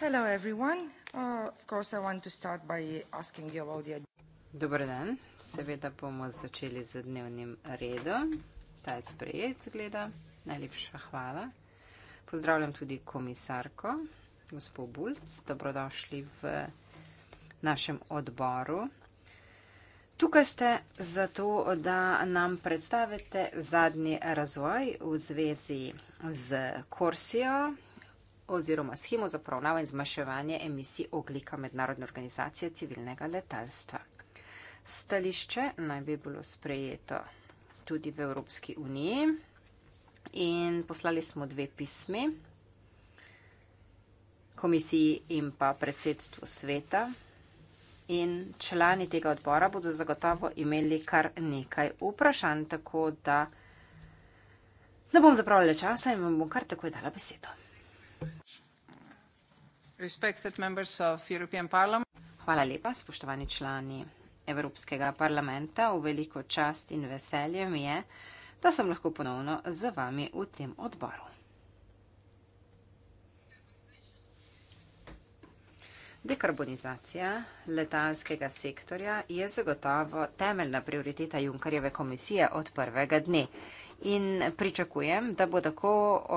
Hello everyone. Uh, of course, I want to start by asking you about the. Dober dan. Seveda bomo začeli z dnevnim redom. Ta je sprejet, zgleda. Najlepša hvala. Pozdravljam tudi komisarko, gospod Bulc. Dobrodošli v našem odboru, Tukaj ste zato, da nam predstavite zadnji razvoj v zvezi z Korsijo oziroma schemo za poravnavo in zmaševanje emisij oglika Mednarodne organizacije civilnega letalstva. Stališče naj bi bilo sprejeto tudi v Evropski uniji in poslali smo dve pismi komisiji in pa predsedstvu sveta In člani tega odbora bodo zagotovo imeli kar nekaj vprašanj, tako da ne bom zapravljala časa in vam bom kar takoj dala besedo. Hvala lepa, spoštovani člani Evropskega parlamenta. V veliko čast in veselje mi je, da sem lahko ponovno z vami v tem odboru. Dekarbonizacija letalskega sektorja je zagotovo temeljna prioriteta Junkarjeve komisije od prvega dne in pričakujem, da bo tako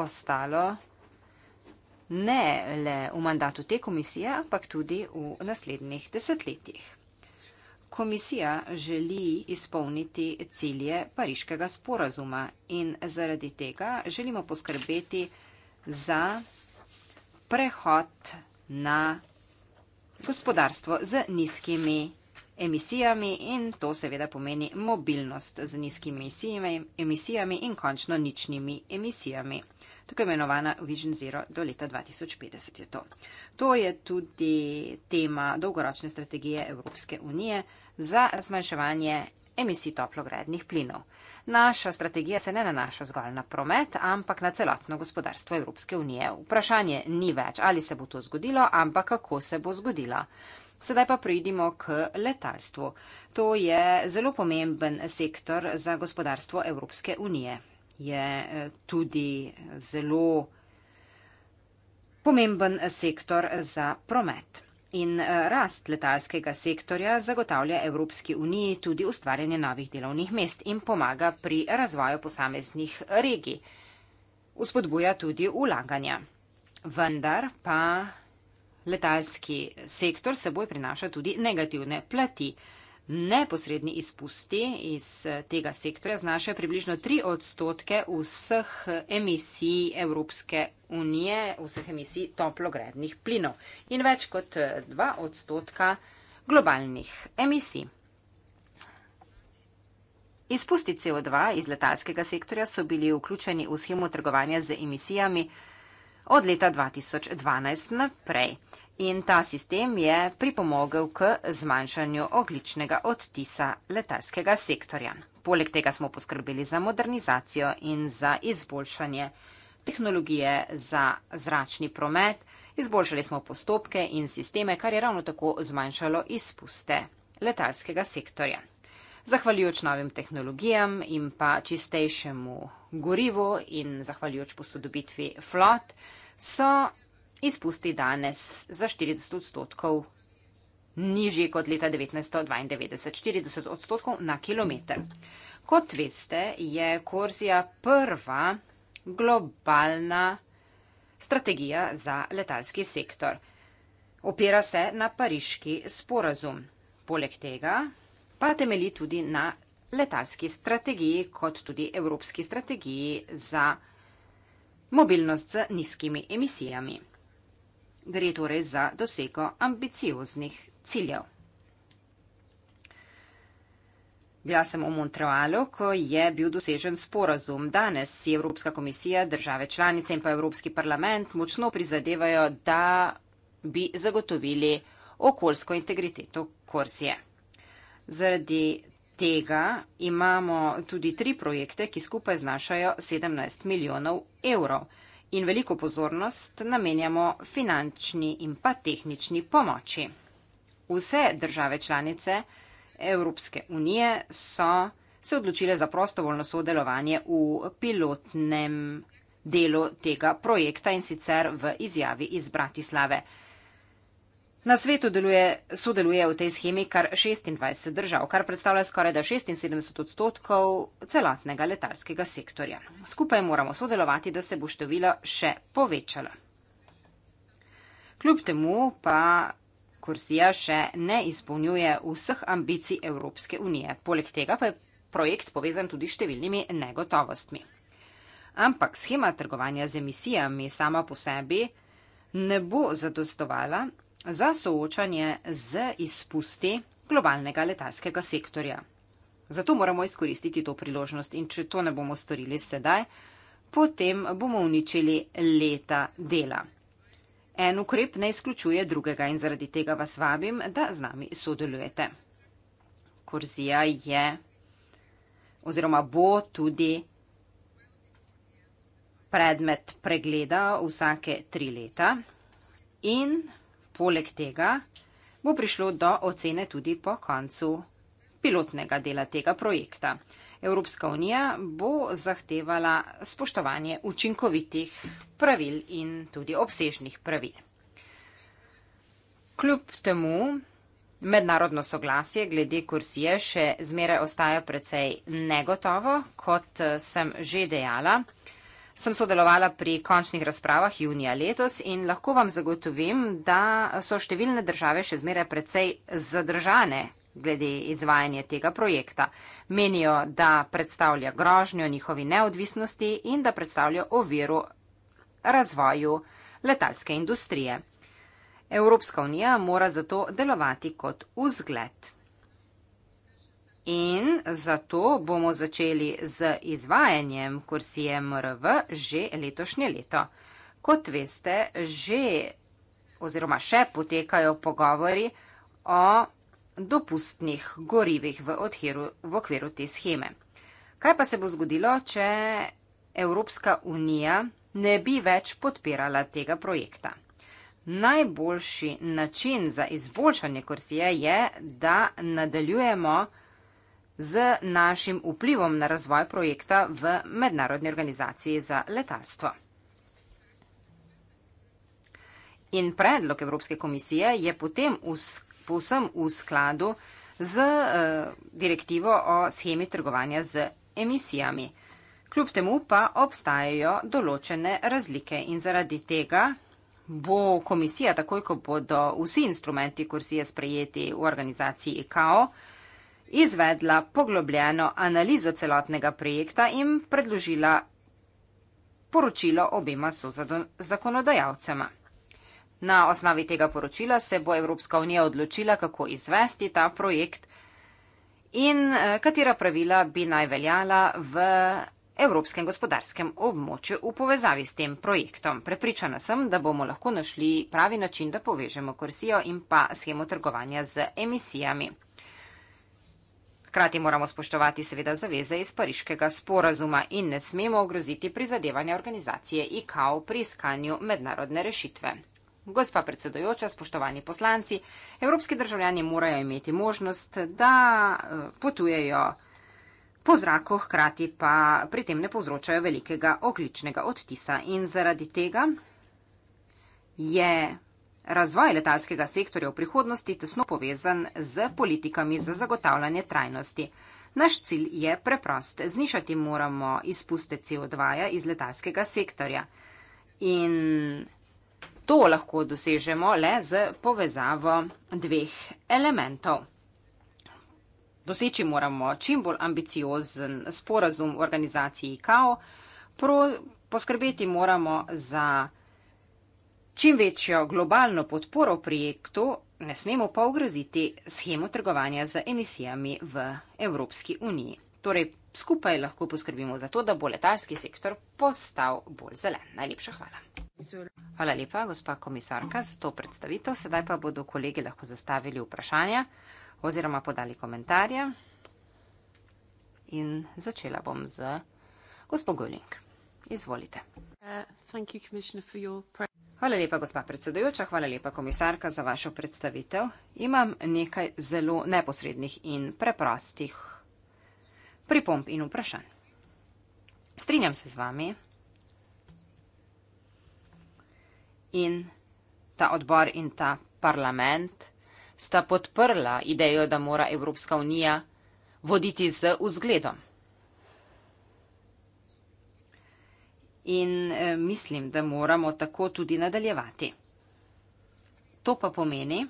ostalo ne le v mandatu te komisije, ampak tudi v naslednjih desetletjih. Komisija želi izpolniti cilje pariškega sporazuma in zaradi tega želimo poskrbeti za prehod na komisijo gospodarstvo z nizkimi emisijami in to seveda pomeni mobilnost z nizkimi emisijami in končno ničnimi emisijami. Tako imenovana Vision Zero do leta 2050 je to. To je tudi tema dolgoročne strategije Evropske unije za zmanjševanje emisij toplogrednih plinov. Naša strategija se ne nanaša zgolj na promet, ampak na celotno gospodarstvo Evropske unije. Vprašanje ni več, ali se bo to zgodilo, ampak kako se bo zgodilo. Sedaj pa pridimo k letalstvu. To je zelo pomemben sektor za gospodarstvo Evropske unije. Je eh, tudi zelo pomemben sektor za promet in eh, rast letalskega sektorja zagotavlja Evropski uniji tudi ustvarjanje novih delovnih mest in pomaga pri razvoju posameznih regij. Uspodbuja tudi ulaganja. Vendar pa letalski sektor seboj prinaša tudi negativne plati neposredni izpusti iz eh, tega sektorja znašajo približno 3 odstotke vseh emisij Evropske unije, vseh emisij toplogrednih plinov in več kot 2 eh, odstotka globalnih emisij. Izpusti CO2 iz letalskega sektorja so bili vključeni v schemo trgovanja z emisijami od leta 2012 naprej in ta sistem je pripomogel k zmanjšanju ogličnega odtisa letalskega sektorja. Poleg tega smo poskrbeli za modernizacijo in za izboljšanje tehnologije za zračni promet, izboljšali smo postopke in sisteme, kar je ravno tako zmanjšalo izpuste letalskega sektorja. Zahvaljujoč novim tehnologijam in pa čistejšemu gorivu in zahvaljujoč posodobitvi flot so izpusti danes za 40 odstotkov nižji kot leta 1992, 40 odstotkov na kilometr. Kot veste, je Korzija prva globalna strategija za letalski sektor. Opira se na pariški sporazum. Poleg tega pa temeli tudi na letalski strategiji, kot tudi evropski strategiji za mobilnost z nizkimi emisijami. Gre torej za dosego ambicioznih ciljev. Bila sem v Montrealu, ko je bil dosežen sporazum. Danes si Evropska komisija, države članice in pa Evropski parlament močno prizadevajo, da bi zagotovili okoljsko integriteto Korsije. Zaradi tega imamo tudi tri projekte, ki skupaj znašajo 17 milijonov evrov in veliko pozornost namenjamo finančni in pa tehnični pomoči. Vse države članice Evropske unije so se odločile za prostovoljno sodelovanje v pilotnem delu tega projekta in sicer v izjavi iz Bratislave. Na svetu deluje, sodeluje v tej schemi kar 26 držav, kar predstavlja skoraj 76 odstotkov celotnega letalskega sektorja. Skupaj moramo sodelovati, da se bo število še povečalo. Kljub temu pa Korsija še ne izpolnjuje vseh ambicij Evropske unije. Poleg tega pa je projekt povezan tudi s številnimi negotovostmi. Ampak schema trgovanja z emisijami sama po sebi ne bo zadostovala, za soočanje z izpusti globalnega letalskega sektorja. Zato moramo izkoristiti to priložnost in če to ne bomo storili sedaj, potem bomo uničili leta dela. En ukrep ne izključuje drugega in zaradi tega vas vabim, da z nami sodelujete. Korzija je oziroma bo tudi predmet pregleda vsake tri leta in poleg tega bo prišlo do ocene tudi po koncu pilotnega dela tega projekta. Evropska unija bo zahtevala spoštovanje učinkovitih pravil in tudi obsežnih pravil. Kljub temu mednarodno soglasje glede kursije še zmeraj ostaja precej negotovo, kot sem že dejala sem sodelovala pri končnih razpravah junija letos in lahko vam zagotovim, da so številne države še zmeraj precej zadržane glede izvajanja tega projekta. Menijo, da predstavlja grožnjo njihovi neodvisnosti in da predstavlja oviro razvoju letalske industrije. Evropska unija mora zato delovati kot vzgled. In zato bomo začeli z izvajanjem kursije MRV že letošnje leto. Kot veste, že oziroma še potekajo pogovori o dopustnih gorivih v, odhiru, v okviru te scheme. Kaj pa se bo zgodilo, če Evropska unija ne bi več podpirala tega projekta? Najboljši način za izboljšanje kursije je, da nadaljujemo z našim vplivom na razvoj projekta v Mednarodni organizaciji za letalstvo. In predlog Evropske komisije je potem povsem v skladu z eh, direktivo o schemi trgovanja z emisijami. Kljub temu pa obstajajo določene razlike in zaradi tega bo komisija, takoj ko bodo vsi instrumenti kursije sprejeti v organizaciji ICAO, izvedla poglobljeno analizo celotnega projekta in predložila poročilo obima zakonodajalcema. Na osnovi tega poročila se bo Evropska unija odločila, kako izvesti ta projekt in eh, katera pravila bi naj veljala v Evropskem gospodarskem območju v povezavi s tem projektom. Prepričana sem, da bomo lahko našli pravi način, da povežemo korsijo in pa schemo trgovanja z emisijami. Hkrati moramo spoštovati seveda zaveze iz pariškega sporazuma in ne smemo ogroziti prizadevanja organizacije IKAO pri iskanju mednarodne rešitve. Gospa predsedojoča, spoštovani poslanci, evropski državljani morajo imeti možnost, da eh, potujejo po zraku, hkrati pa pri tem ne povzročajo velikega ogličnega odtisa in zaradi tega je razvoj letalskega sektorja v prihodnosti tesno povezan z politikami za zagotavljanje trajnosti. Naš cilj je preprost. Znišati moramo izpuste CO2 -ja iz letalskega sektorja. In to lahko dosežemo le z povezavo dveh elementov. Doseči moramo čim bolj ambiciozen sporazum organizaciji ICAO, poskrbeti moramo za Čim večjo globalno podporo projektu ne smemo pa ogroziti schemo trgovanja z emisijami v Evropski uniji. Torej, skupaj lahko poskrbimo za to, da bo letalski sektor postal bolj zelen. Najlepša hvala. Hvala lepa, gospa komisarka, za to predstavitev. Sedaj pa bodo kolegi lahko zastavili vprašanja oziroma podali komentarje. In začela bom z gospod Gulink. Izvolite. Uh, Hvala lepa, gospa predsedujoča, hvala lepa, komisarka, za vašo predstavitev. Imam nekaj zelo neposrednih in preprostih pripomb in vprašanj. Strinjam se z vami in ta odbor in ta parlament sta podprla idejo, da mora Evropska unija voditi z vzgledom. in eh, mislim, da moramo tako tudi nadaljevati. To pa pomeni,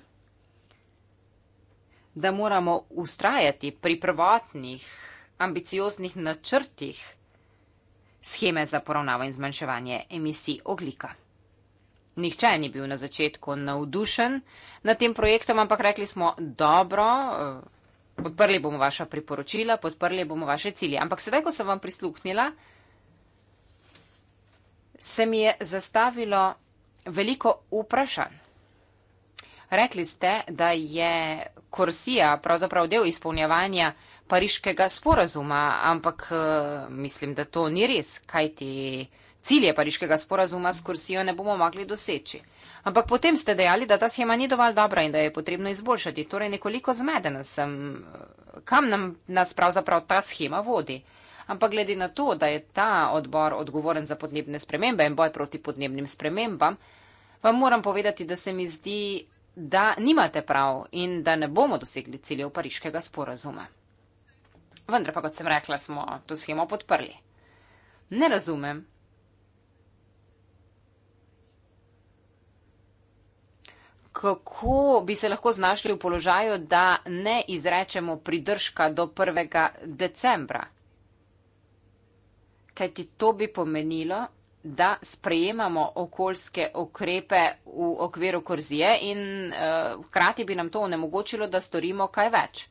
da moramo ustrajati pri prvotnih ambicioznih načrtih scheme za poravnavo in zmanjševanje emisij oglika. Nihče ni bil na začetku navdušen nad tem projektom, ampak rekli smo dobro, eh, podprli bomo vaša priporočila, podprli bomo vaše cilje. Ampak sedaj, ko sem vam prisluhnila, se mi je zastavilo veliko vprašanj. Rekli ste, da je Korsija pravzaprav del izpolnjevanja pariškega sporazuma, ampak eh, mislim, da to ni res, kaj ti cilje pariškega sporazuma s Korsijo ne bomo mogli doseči. Ampak potem ste dejali, da ta schema ni dovolj dobra in da je potrebno izboljšati. Torej, nekoliko zmedena sem. Eh, kam nam, nas pravzaprav ta schema vodi? Uh, ampak glede na to, da je ta odbor odgovoren za podnebne spremembe in boj proti podnebnim spremembam, vam moram povedati, da se mi zdi, da nimate prav in da ne bomo dosegli ciljev pariškega sporazuma. Vendar pa, kot sem rekla, smo to schemo podprli. Ne razumem. Kako bi se lahko znašli v položaju, da ne izrečemo pridržka do 1. decembra? kajti to bi pomenilo, da sprejemamo okoljske ukrepe v okviru korzije in eh, hkrati bi nam to onemogočilo, da storimo kaj več.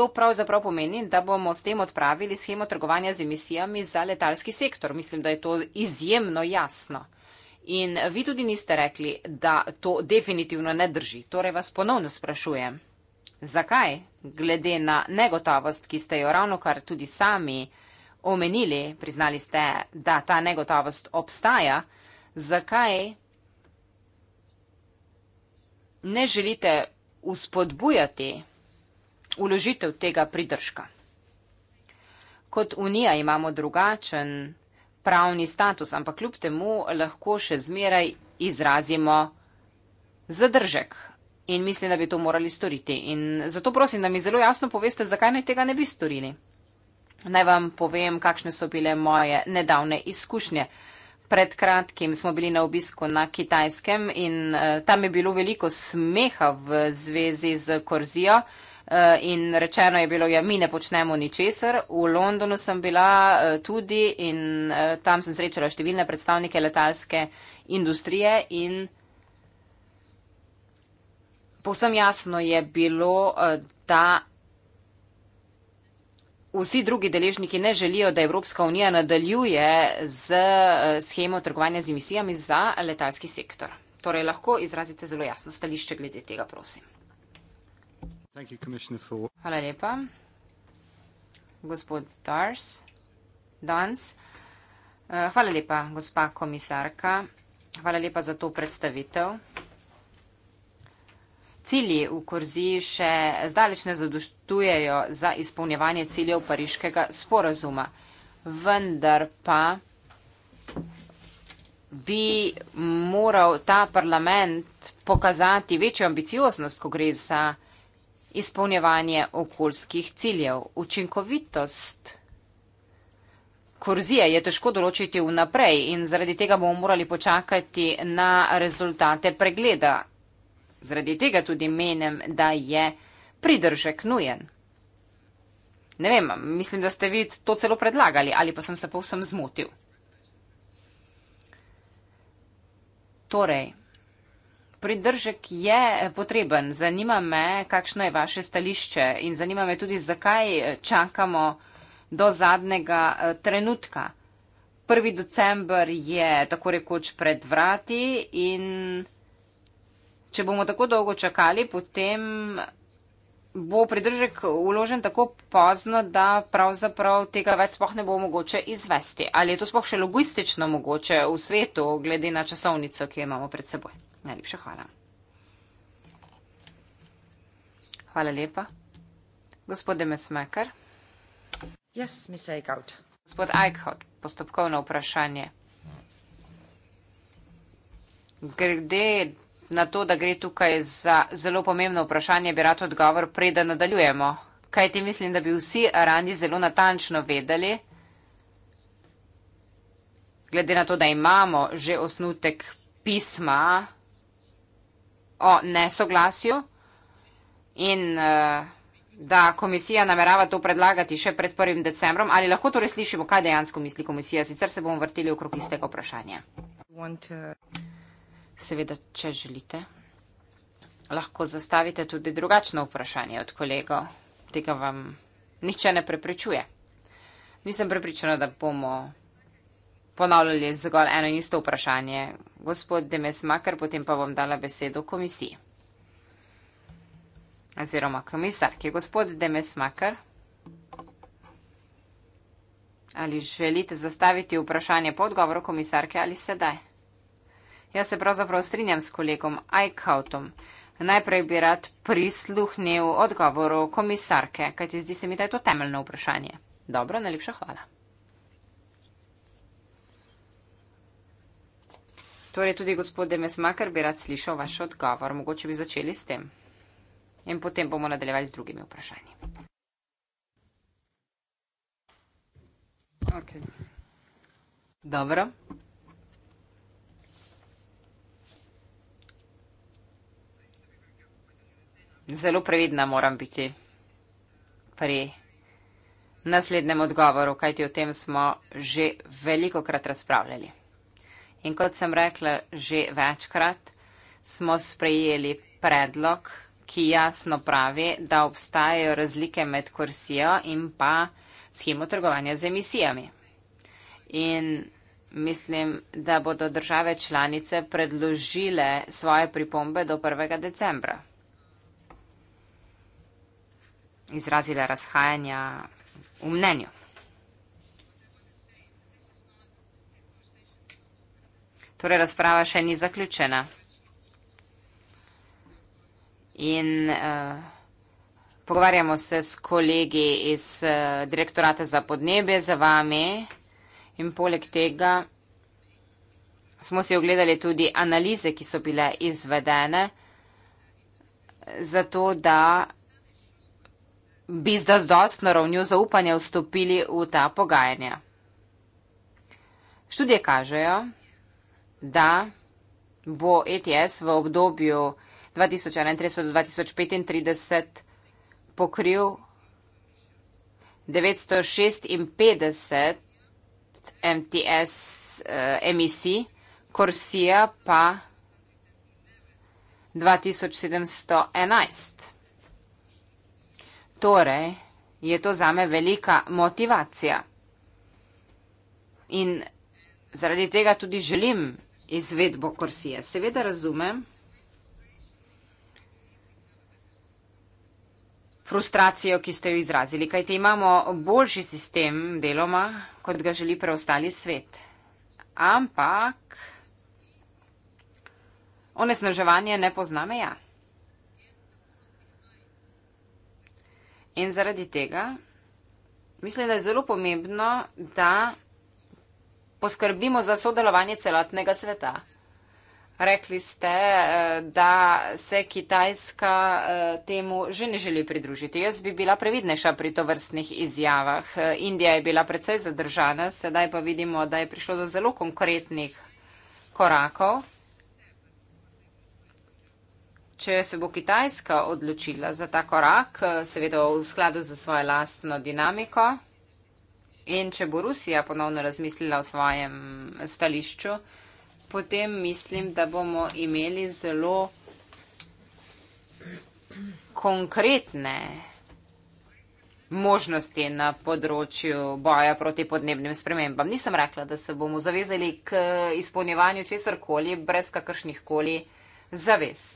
To pravzaprav pomeni, da bomo s tem odpravili schemo trgovanja z emisijami za letalski sektor. Mislim, da je to izjemno jasno. In vi tudi niste rekli, da to definitivno ne drži. Torej vas ponovno sprašujem, zakaj, glede na negotovost, ki ste jo ravno kar tudi sami uh, omenili, priznali ste, da ta negotovost obstaja, zakaj ne želite uspodbujati uložitev tega pridržka. Kot Unija imamo drugačen pravni status, ampak kljub temu lahko še zmeraj izrazimo zadržek in mislim, da bi to morali storiti. In zato prosim, da mi zelo jasno poveste, zakaj naj tega ne bi storili. Naj vam povem, kakšne so bile moje nedavne izkušnje. Pred kratkim smo bili na obisku na Kitajskem in uh, tam je bilo veliko smeha v zvezi z korzijo uh, in rečeno je bilo, ja, mi ne počnemo ničesar. V Londonu sem bila uh, tudi in uh, tam sem srečala številne predstavnike letalske industrije in povsem jasno je bilo, uh, da vsi drugi deležniki ne želijo, da Evropska unija nadaljuje z eh, schemo trgovanja z emisijami za letalski sektor. Torej lahko izrazite zelo jasno stališče glede tega, prosim. Hvala lepa. Gospod Dars, Dans. Eh, hvala lepa, gospa komisarka. Hvala lepa za to predstavitev. Cilji v Korziji še zdaleč ne zadoštujejo za izpolnjevanje ciljev pariškega sporazuma, vendar pa bi moral ta parlament pokazati večjo ambicioznost, ko gre za izpolnjevanje okoljskih ciljev. Učinkovitost korzije je težko določiti vnaprej in zaradi tega bomo morali počakati na rezultate pregleda, Zradi tega tudi menem, da je pridržek nujen. Ne vem, mislim, da ste vi to celo predlagali ali pa sem se povsem zmotil. Torej, pridržek je potreben. Zanima me, kakšno je vaše stališče in zanima me tudi, zakaj čakamo do zadnjega eh, trenutka. 1. december je tako rekoč pred vrati in če bomo tako dolgo čakali, potem bo pridržek uložen tako pozno, da pravzaprav tega več sploh ne bo mogoče izvesti. Ali je to sploh še logistično mogoče v svetu, glede na časovnico, ki jo imamo pred seboj? Najlepša hvala. Hvala lepa. Gospod Mesmaker. Yes, Miss Eichhout. Gospod Eichhout, postopkovno vprašanje. Grede na to, da gre tukaj za zelo pomembno vprašanje, bi rad odgovor, preden nadaljujemo. Kaj ti mislim, da bi vsi Arandi zelo natančno vedeli, glede na to, da imamo že osnutek pisma o nesoglasju in eh, da komisija namerava to predlagati še pred 1. decembrom. Ali lahko torej slišimo, kaj dejansko misli komisija? Sicer se bomo vrteli okrog istega vprašanja. Seveda, če želite, lahko zastavite tudi drugačno vprašanje od kolegov. Tega vam nihče ne preprečuje. Nisem prepričana, da bomo ponavljali zgolj eno in isto vprašanje. Gospod Demesmaker, potem pa bom dala besedo komisiji. Oziroma komisarki. Gospod Demesmaker, ali želite zastaviti vprašanje po odgovoru komisarke ali sedaj? Jaz se pravzaprav strinjam s kolegom Eichhautom. Najprej bi rad prisluhnil odgovoru komisarke, kajti zdi se mi, da je to temeljno vprašanje. Dobro, najlepša hvala. Torej tudi gospod Demesmaker bi rad slišal vaš odgovor. Mogoče bi začeli s tem. In potem bomo nadaljevali z drugimi vprašanji. Okay. Dobro. Zelo previdna moram biti pri naslednjem odgovoru, kajti o tem smo že veliko krat razpravljali. In kot sem rekla, že večkrat smo sprejeli predlog, ki jasno pravi, da obstajajo razlike med korsijo in pa schemo trgovanja z emisijami. In mislim, da bodo države članice predložile svoje pripombe do 1. decembra izrazile razhajanja v mnenju. Torej, razprava še ni zaključena. In uh, pogovarjamo se s kolegi iz uh, direktorata za podnebje za vami in poleg tega smo si ogledali tudi analize, ki so bile izvedene, zato da bi z dostno ravnjo zaupanja vstopili v ta pogajanja. Študije kažejo, da bo ETS v obdobju 2031-2035 pokril 956 MTS eh, emisij, Korsija pa 2711. Torej je to zame velika motivacija. In zaradi tega tudi želim izvedbo kursije. Seveda razumem frustracijo, ki ste jo izrazili, kajte imamo boljši sistem deloma, kot ga želi preostali svet. Ampak onesnaževanje ne pozna meja. Ja. In zaradi tega mislim, da je zelo pomembno, da poskrbimo za sodelovanje celotnega sveta. Rekli ste, eh, da se Kitajska eh, temu že ne želi pridružiti. Jaz bi bila previdnejša pri tovrstnih izjavah. Eh, Indija je bila predvsej zadržana, sedaj pa vidimo, da je prišlo do zelo konkretnih korakov. Če se bo Kitajska odločila za ta korak, eh, seveda v skladu za svojo lastno dinamiko, in če bo Rusija ponovno razmislila o svojem stališču, potem mislim, da bomo imeli zelo konkretne možnosti na področju boja proti podnebnim spremembam. Nisem rekla, da se bomo zavezali k eh, izpolnjevanju česarkoli brez kakršnih koli zavez.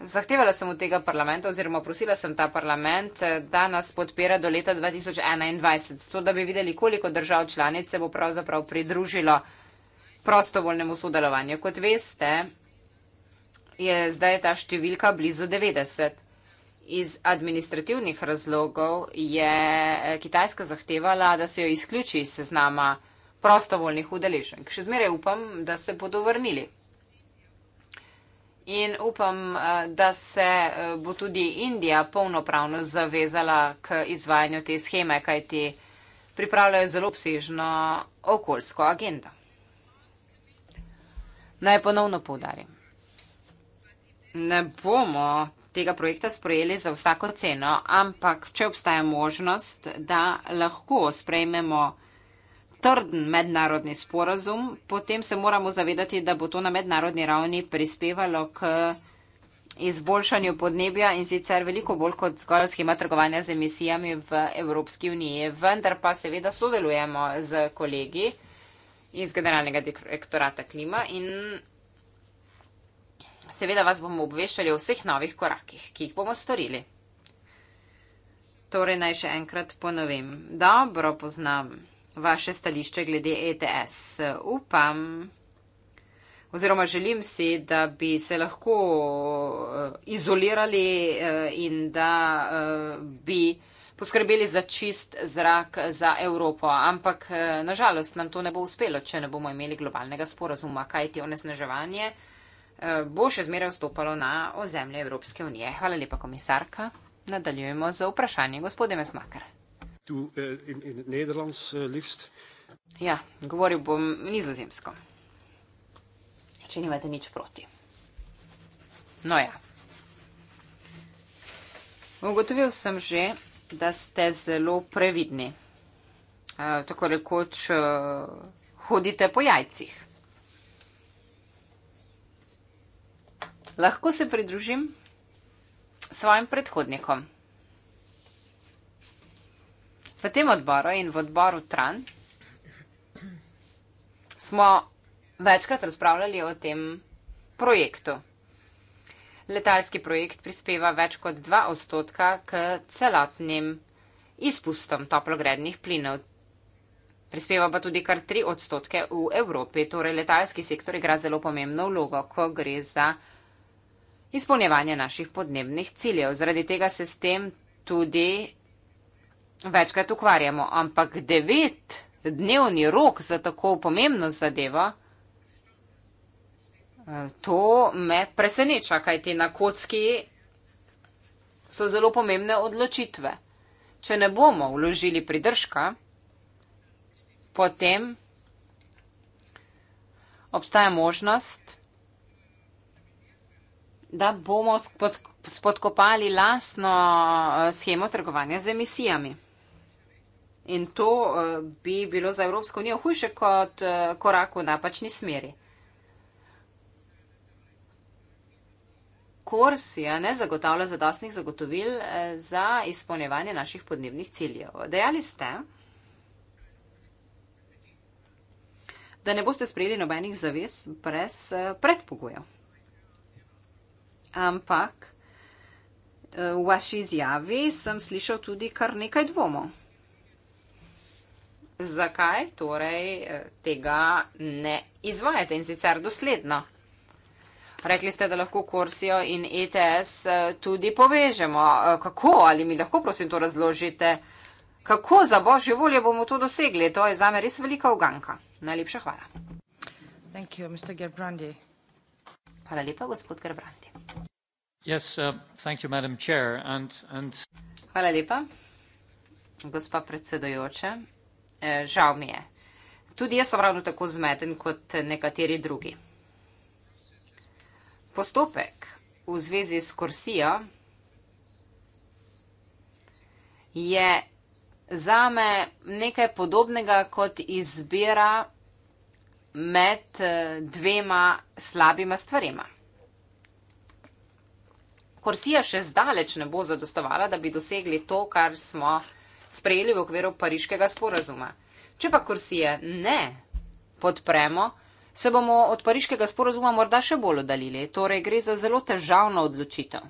Zahtevala sem od tega parlamenta oziroma prosila sem ta parlament, eh, da nas podpira do leta 2021, to, da bi videli, koliko držav članic se bo pravzaprav pridružilo prostovoljnemu sodelovanju. Kot veste, je zdaj ta številka blizu 90. Iz administrativnih razlogov je eh, Kitajska zahtevala, da se jo izključi iz seznama prostovoljnih udeleženk. Še zmeraj upam, da se bodo vrnili. In upam, eh, da se eh, bo tudi Indija polnopravno zavezala k izvajanju te scheme, kajti pripravljajo zelo obsežno okoljsko agendo. Naj ponovno poudarim. Ne bomo tega projekta sprejeli za vsako ceno, ampak če obstaja možnost, da lahko sprejmemo trden mednarodni sporazum, potem se moramo zavedati, da bo to na mednarodni ravni prispevalo k izboljšanju podnebja in sicer veliko bolj kot zgolj schema trgovanja z emisijami v Evropski uniji. Vendar pa seveda sodelujemo z kolegi iz Generalnega direktorata klima in seveda vas bomo obveščali o vseh novih korakih, ki jih bomo storili. Torej naj še enkrat ponovim. Dobro poznam vaše stališče glede ETS. Upam, oziroma želim si, da bi se lahko eh, izolirali eh, in da eh, bi poskrbeli za čist zrak za Evropo. Ampak nažalost nam to ne bo uspelo, če ne bomo imeli globalnega sporazuma, kaj ti onesnaževanje bo še zmeraj vstopalo na ozemlje Evropske unije. Hvala lepa, komisarka. Nadaljujemo z vprašanjem gospode Mesmakar. Tu, eh, in, in Nederlands, eh, liefst. Ja, govoril bom nizozemsko. Če nimate nič proti. No ja. Ugotovil sem že, da ste zelo previdni. E, tako rekoč e, hodite po jajcih. Lahko se pridružim svojim predhodnikom. V tem odboru in v odboru Tran smo večkrat razpravljali o tem projektu. Letalski projekt prispeva več kot 2 odstotka k celotnim izpustom toplogrednih plinov. Prispeva pa tudi kar 3 odstotke v Evropi. Torej, letalski sektor igra zelo pomembno vlogo, ko gre za izpolnjevanje naših podnebnih ciljev. Zaradi tega se s tem tudi večkrat ukvarjamo, ampak devet dnevni rok za tako pomembno zadevo, eh, to me preseneča, kaj ti na kocki so zelo pomembne odločitve. Če ne bomo vložili pridržka, potem obstaja možnost, da bomo spodkopali lasno eh, schemo trgovanja z emisijami. In to eh, bi bilo za Evropsko unijo hujše kot eh, korak v napačni smeri. Korsija ne zagotavlja zadostnih zagotovil eh, za izpolnjevanje naših podnebnih ciljev. Dejali ste, da ne boste sprejeli nobenih zavez brez predpogojev. Ampak v vaši izjavi sem slišal tudi kar nekaj dvomov zakaj torej eh, tega ne izvajate in sicer dosledno. Rekli ste, da lahko Korsijo in ETS eh, tudi povežemo. Eh, kako ali mi lahko prosim to razložite? Kako za božjo voljo bomo to dosegli? To je zame res velika uganka. Najlepša hvala. You, hvala lepa, gospod Gerbrandi. Yes, uh, you, and, and... Hvala lepa, gospa predsedojoča. E, žal mi je. Tudi jaz sem ravno tako zmeden kot nekateri drugi. Postopek v zvezi s Korsijo je za me nekaj podobnega kot izbira med e, dvema slabima stvarima. Korsija še zdaleč ne bo zadostovala, da bi dosegli to, kar smo sprejeli v okviru pariškega sporazuma. Če pa Kursije ne podpremo, se bomo od pariškega sporazuma morda še bolj oddaljili. Torej gre za zelo težavno odločitev.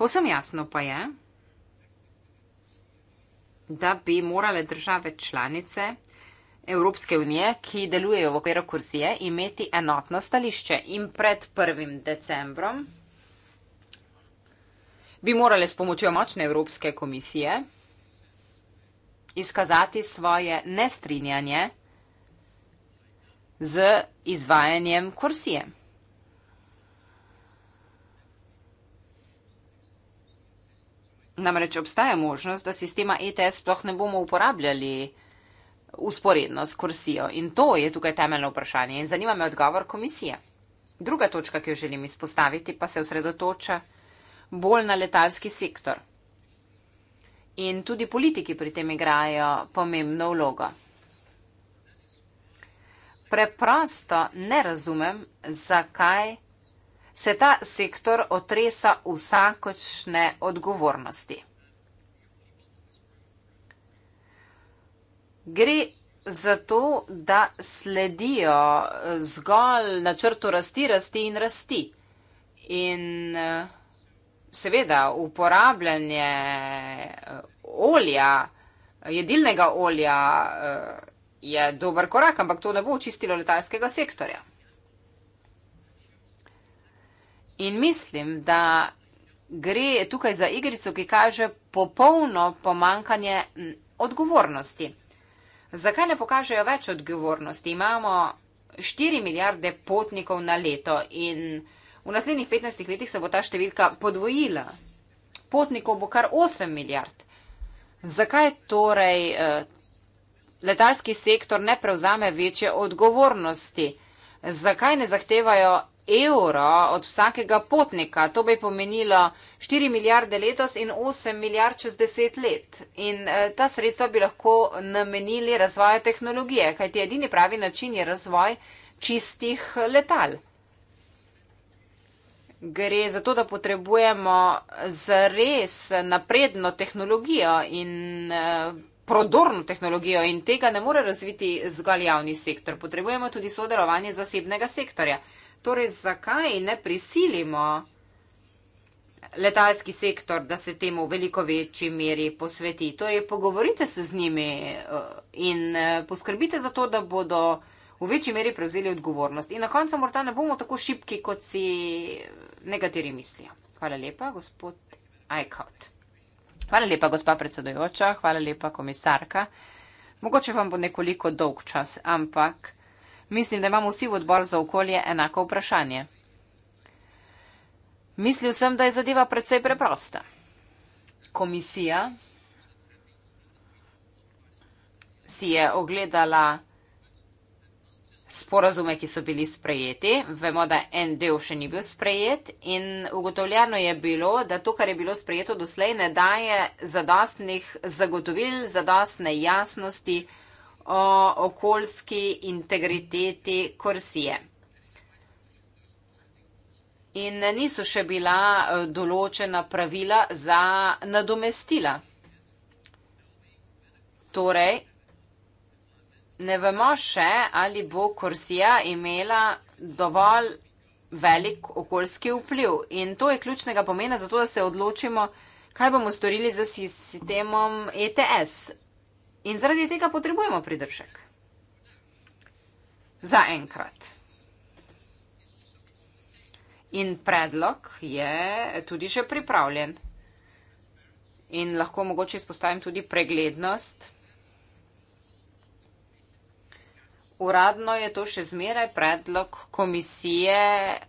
Povsem jasno pa je, da bi morale države članice Evropske unije, ki delujejo v okviru Kursije, imeti enotno stališče in pred 1. decembrom bi morale s pomočjo močne Evropske komisije izkazati svoje nestrinjanje z izvajanjem kursije. Namreč obstaja možnost, da sistema ETS sploh ne bomo uporabljali usporedno s kursijo in to je tukaj temeljno vprašanje in zanima me odgovor komisije. Druga točka, ki jo želim izpostaviti, pa se osredotoča bolj na letalski sektor. In tudi politiki pri tem igrajo pomembno vlogo. Preprosto ne razumem, zakaj se ta sektor otresa vsakočne odgovornosti. Gre za to, da sledijo zgolj načrtu rasti, rasti in rasti. In uh, seveda uporabljanje eh, olja, jedilnega olja, eh, je dober korak, ampak to ne bo očistilo letalskega sektorja. In mislim, da gre tukaj za igrico, ki kaže popolno pomankanje odgovornosti. Zakaj ne pokažejo več odgovornosti? Imamo 4 milijarde potnikov na leto in V naslednjih 15 letih se bo ta številka podvojila. Potnikov bo kar 8 milijard. Zakaj torej eh, letalski sektor ne prevzame večje odgovornosti? Zakaj ne zahtevajo evro od vsakega potnika? To bi pomenilo 4 milijarde letos in 8 milijard čez 10 let. In eh, ta sredstva bi lahko namenili razvoju tehnologije, kajti edini pravi način je razvoj čistih letal gre za to, da potrebujemo zares napredno tehnologijo in eh, prodorno tehnologijo in tega ne more razviti zgolj javni sektor. Potrebujemo tudi sodelovanje zasebnega sektorja. Torej, zakaj ne prisilimo letalski sektor, da se temu v veliko večji meri posveti? Torej, pogovorite se z njimi eh, in eh, poskrbite za to, da bodo v večji meri prevzeli odgovornost. In na koncu morda ne bomo tako šipki, kot si nekateri mislijo. Hvala lepa, gospod Eichhout. Hvala lepa, gospa predsedojoča, hvala lepa, komisarka. Mogoče vam bo nekoliko dolg čas, ampak mislim, da imamo vsi v odbor za okolje enako vprašanje. Mislil sem, da je zadeva predvsej preprosta. Komisija si je ogledala sporazume, ki so bili sprejeti. Vemo, da en del še ni bil sprejet in ugotovljeno je bilo, da to, kar je bilo sprejeto doslej, ne daje zadostnih zagotovil, zadostne jasnosti o okoljski integriteti Korsije. In niso še bila eh, določena pravila za nadomestila. Torej, ne vemo še, ali bo Korsija imela dovolj velik okoljski vpliv. In to je ključnega pomena za to, da se odločimo, kaj bomo storili z sistemom ETS. In zaradi tega potrebujemo pridržek. Za enkrat. In predlog je tudi že pripravljen. In lahko mogoče izpostavim tudi preglednost. uradno je to še zmeraj predlog komisije eh,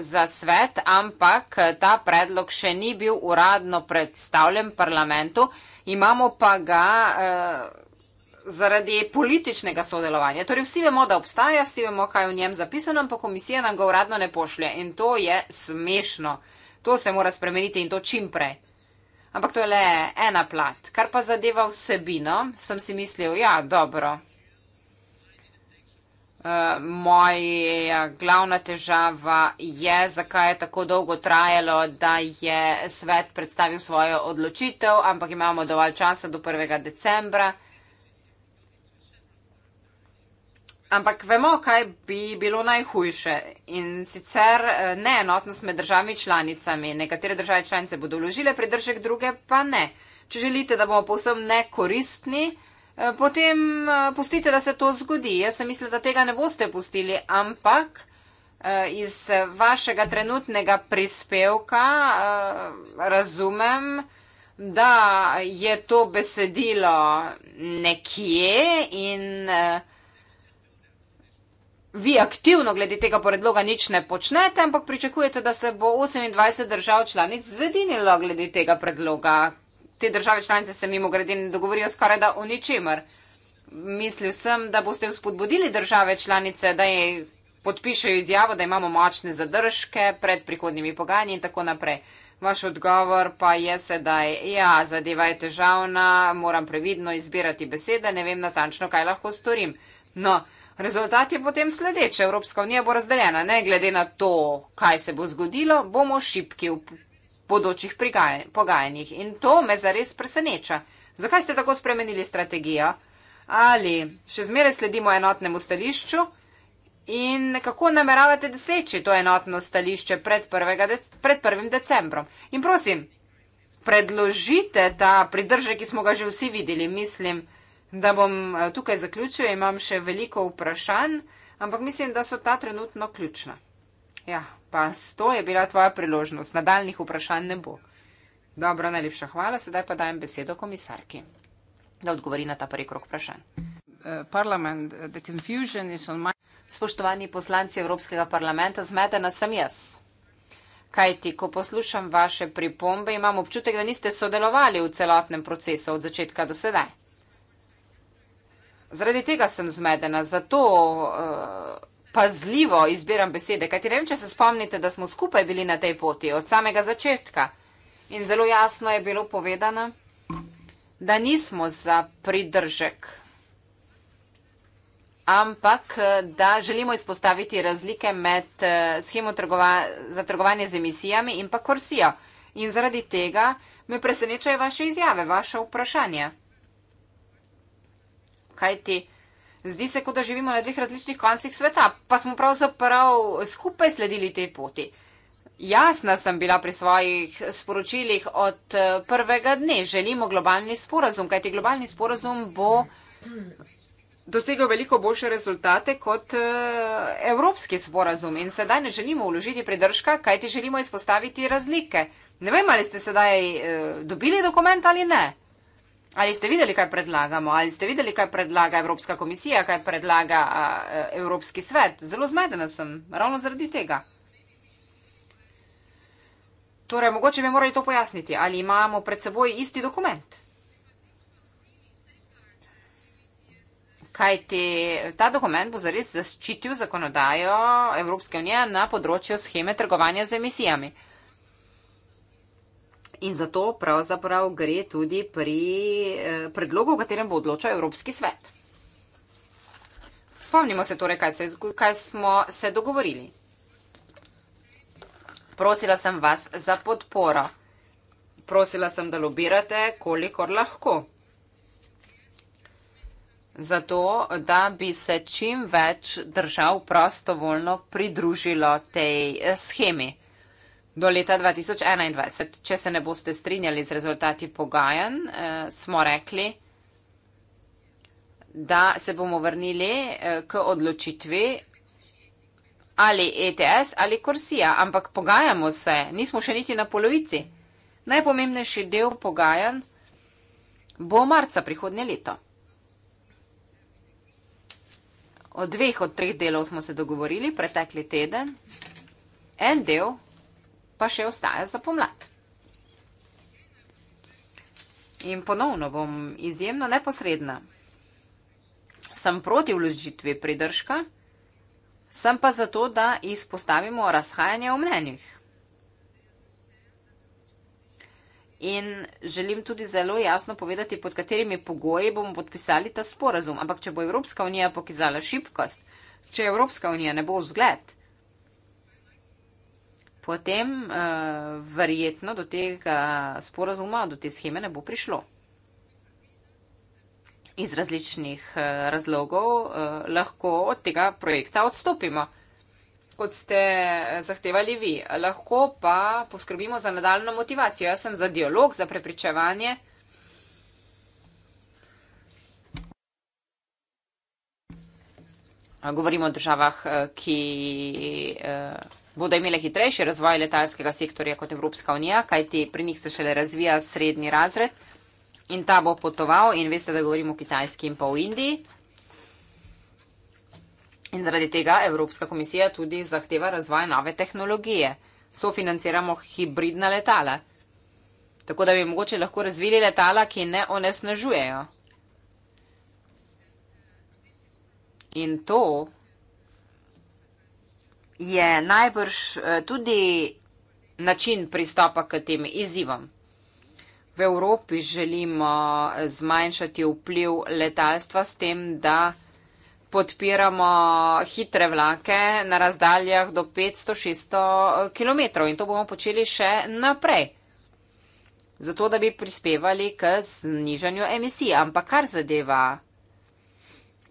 za svet, ampak eh, ta predlog še ni bil uradno predstavljen parlamentu. Imamo pa ga eh, zaradi političnega sodelovanja. Torej vsi vemo, da obstaja, vsi vemo, kaj je v njem zapisano, ampak komisija nam ga uradno ne pošlje. In to je smešno. To se mora spremeniti in to čim prej. Ampak to je le ena plat. Kar pa zadeva vsebino, sem si mislil, ja, dobro. Eh, moja glavna težava je, zakaj je tako dolgo trajalo, da je svet predstavil svojo odločitev, ampak imamo dovolj časa do 1. decembra. Ampak vemo, kaj bi bilo najhujše in sicer eh, neenotnost med državami članicami. Nekatere države članice bodo vložile pridržek, druge pa ne. Če želite, da bomo povsem nekoristni, Eh, potem eh, pustite, da se to zgodi. Jaz sem mislila, da tega ne boste pustili, ampak eh, iz vašega trenutnega prispevka razumem, da je to besedilo nekje in vi aktivno glede tega poredloga nič ne počnete, ampak pričakujete, da se bo 28 držav članic zedinilo glede tega predloga te države članice se mimo grede ne dogovorijo skoraj da o ničemer. Mislil sem, da boste vzpodbudili države članice, da je podpišejo izjavo, da imamo močne zadržke pred prihodnimi pogajanji in tako naprej. Vaš odgovor pa je sedaj, ja, zadeva je težavna, moram previdno izbirati besede, ne vem natančno, kaj lahko storim. No, rezultat je potem sledeč, Evropska unija bo razdeljena, ne glede na to, kaj se bo zgodilo, bomo šipki v bodočih pogajanjih. In to me zares preseneča. Zakaj ste tako spremenili strategijo? Ali še zmeraj sledimo enotnemu stališču? In kako nameravate doseči to enotno stališče pred, dec, pred 1. decembrom? In prosim, predložite ta pridržek, ki smo ga že vsi videli. Mislim, da bom eh, tukaj zaključil, imam še veliko vprašanj, ampak mislim, da so ta trenutno ključna. Ja. Pa to je bila tvoja priložnost. Nadaljnih vprašanj ne bo. Dobro, najlepša hvala. Sedaj pa dajem besedo komisarki, da odgovori na ta prvi krok vprašanj. Spoštovani poslanci Evropskega parlamenta, zmedena sem jaz. Kajti, ko poslušam vaše pripombe, imam občutek, da niste sodelovali v celotnem procesu od začetka do sedaj. Zaradi tega sem zmedena, zato eh, pazljivo izbiram besede, kajti ne vem, če se spomnite, da smo skupaj bili na tej poti od samega začetka. In zelo jasno je bilo povedano, da nismo za pridržek, ampak eh, da želimo izpostaviti razlike med eh, schemo trgova za trgovanje z emisijami in pa korsijo. In zaradi tega me presenečajo vaše izjave, vaše vprašanje. Kajti? Zdi se, kot da živimo na dveh različnih koncih sveta, pa smo pravzaprav skupaj sledili tej poti. Jasna sem bila pri svojih sporočilih od eh, prvega dne. Želimo globalni sporazum, kajti globalni sporazum bo dosegel veliko boljše rezultate kot eh, evropski sporazum. In sedaj ne želimo uložiti pridržka, kajti želimo izpostaviti razlike. Ne vem, ali ste sedaj eh, dobili dokument ali ne. Ali ste videli, kaj predlagamo? Ali ste videli, kaj predlaga Evropska komisija, kaj predlaga a, a, e, Evropski svet? Zelo zmedena sem, ravno zaradi tega. Torej, mogoče bi morali to pojasniti, ali imamo pred seboj isti dokument. Kaj ti ta dokument bo zares zaščitil zakonodajo Evropske unije na področju scheme trgovanja z emisijami? in zato pravzaprav gre tudi pri eh, predlogu, v katerem bo odločal Evropski svet. Spomnimo se torej, kaj, se, kaj smo se dogovorili. Prosila sem vas za podporo. Prosila sem, da lobirate, kolikor lahko. Zato, da bi se čim več držav prostovoljno pridružilo tej eh, schemi. Do leta 2021, če se ne boste strinjali z rezultati pogajanj, eh, smo rekli, da se bomo vrnili eh, k odločitvi ali ETS ali Korsija, ampak pogajamo se, nismo še niti na polovici. Najpomembnejši del pogajanj bo marca prihodnje leto. Od dveh od treh delov smo se dogovorili pretekli teden. En del pa še ostaja za pomlad. In ponovno bom izjemno neposredna. Sem proti vložitvi pridržka, sem pa zato, da izpostavimo razhajanje v mnenjih. In želim tudi zelo jasno povedati, pod katerimi pogoji bomo podpisali ta sporazum. Ampak, če bo Evropska unija pokizala šibkost, če Evropska unija ne bo vzgled, potem uh, verjetno do tega sporazuma, do te scheme ne bo prišlo. Iz različnih uh, razlogov uh, lahko od tega projekta odstopimo, kot ste zahtevali vi. Lahko pa poskrbimo za nadaljno motivacijo. Jaz sem za dialog, za prepričevanje. Eh, govorimo o državah, eh, ki eh, bodo imele hitrejši razvoj letalskega sektorja kot Evropska unija, kajti pri njih se šele razvija srednji razred in ta bo potoval in veste, da govorimo o Kitajski in pa o Indiji. In zaradi tega Evropska komisija tudi zahteva razvoj nove tehnologije. Sofinanciramo hibridna letala. Tako da bi mogoče lahko razvili letala, ki ne onesnažujejo. In to je najbrž eh, tudi način pristopa k tem izzivom. V Evropi želimo eh, zmanjšati vpliv letalstva s tem, da podpiramo hitre vlake na razdaljah do 500-600 eh, km in to bomo počeli še naprej. Zato, da bi prispevali k znižanju emisij. Ampak kar zadeva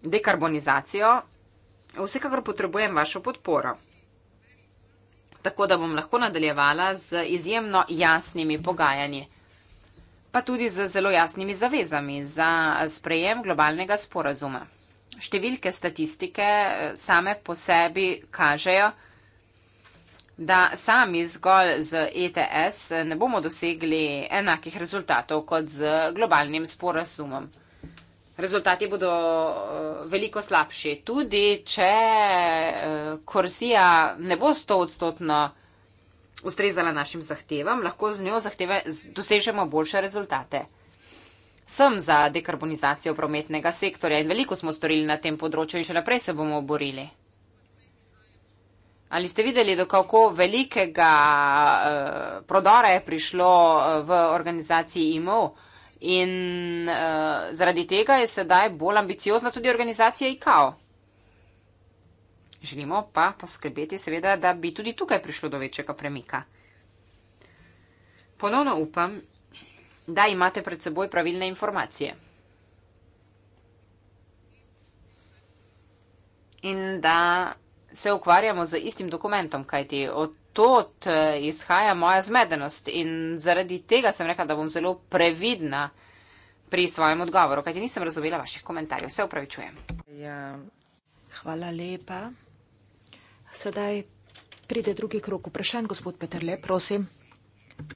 dekarbonizacijo, vsekakor potrebujem vašo podporo. Tako da bom lahko nadaljevala z izjemno jasnimi pogajanji, pa tudi z zelo jasnimi zavezami za sprejem globalnega sporazuma. Številke statistike eh, same po sebi kažejo, da sami zgolj z ETS ne bomo dosegli enakih rezultatov kot z globalnim sporazumom rezultati bodo eh, veliko slabši. Tudi, če korzija eh, ne bo stoodstotno ustrezala našim zahtevam, lahko z njo zahteve, dosežemo boljše rezultate. Sem za dekarbonizacijo prometnega sektorja in veliko smo storili na tem področju in še naprej se bomo borili. Ali ste videli, do kako velikega eh, prodora je prišlo v organizaciji IMO? In uh, zaradi tega je sedaj bolj ambiciozna tudi organizacija IKO. Želimo pa poskrbeti, seveda, da bi tudi tukaj prišlo do večjega premika. Ponovno upam, da imate pred seboj pravilne informacije. In da se ukvarjamo z istim dokumentom, kajti od tot eh, izhaja moja zmedenost in zaradi tega sem rekla, da bom zelo previdna pri svojem odgovoru, kajti nisem razumela vaših komentarjev. Se upravičujem. Ja, hvala lepa. Sedaj pride drugi krok vprašanj, gospod Peterle, prosim.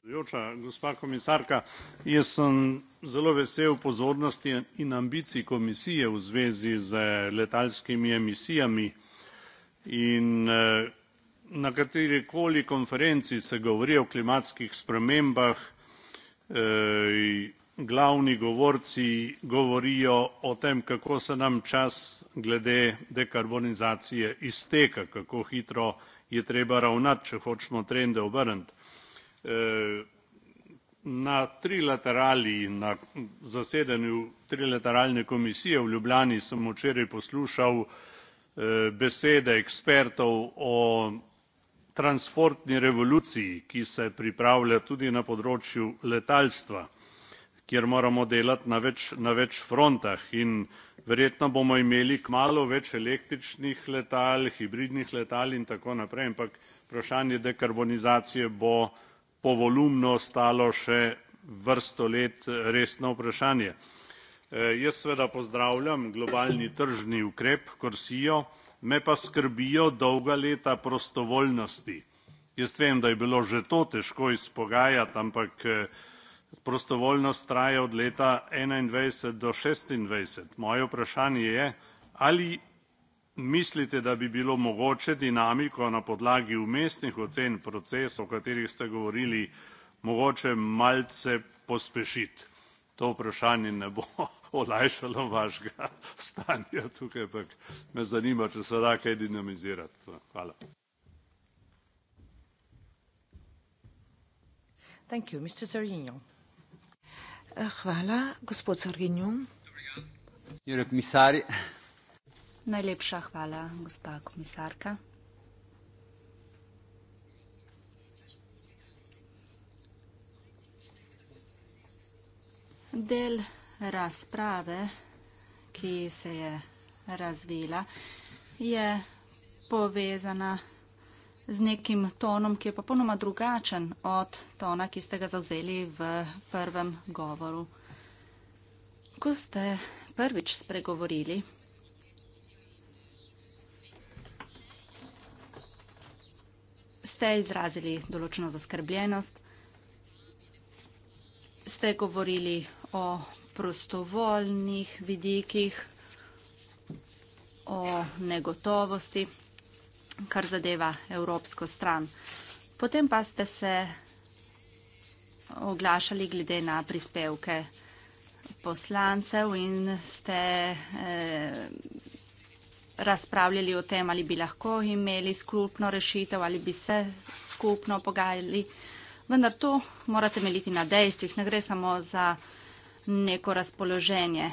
Zdajoča, gospa komisarka, jaz sem zelo vesel pozornosti in ambicij komisije v zvezi z letalskimi emisijami in eh, na katerikoli konferenci se govori o klimatskih spremembah, eh, glavni govorci govorijo o tem, kako se nam čas glede dekarbonizacije izteka, kako hitro je treba ravnati, če hočemo trende obrniti. Eh, na trilaterali in na zasedanju trilateralne komisije v Ljubljani sem včeraj poslušal Eh, besede ekspertov o transportni revoluciji, ki se pripravlja tudi na področju letalstva, kjer moramo delati na več, na več frontah in verjetno bomo imeli kmalo več električnih letal, hibridnih letal in tako naprej, ampak vprašanje dekarbonizacije bo po volumnu ostalo še vrsto let resno vprašanje. E, jaz seveda pozdravljam globalni tržni ukrep Korsijo, me pa skrbijo dolga leta prostovoljnosti. Jaz vem, da je bilo že to težko izpogajati, ampak e, prostovoljnost traja od leta 21 do 26. Moje vprašanje je, ali mislite, da bi bilo mogoče dinamiko na podlagi umestnih ocen procesov, o katerih ste govorili, mogoče malce pospešiti? To vprašanje ne bo olajšalo vašega stanja tukaj, ampak me zanima, če se da kaj dinamizirati. Hvala. Thank you, Mr. Zorginjo. Eh, hvala, gospod Zorginjo. Jure komisari. Najlepša hvala, gospa komisarka. Del razprave, ki se je razvila, je povezana z nekim tonom, ki je popolnoma drugačen od tona, ki ste ga zauzeli v prvem govoru. Ko ste prvič spregovorili, ste izrazili določeno zaskrbljenost, ste govorili o prostovoljnih vidikih, o negotovosti, kar zadeva evropsko stran. Potem pa ste se oglašali glede na prispevke poslancev in ste eh, razpravljali o tem, ali bi lahko imeli skupno rešitev, ali bi se skupno pogajali. Vendar to morate meliti na dejstvih, ne gre samo za eh, neko razpoloženje.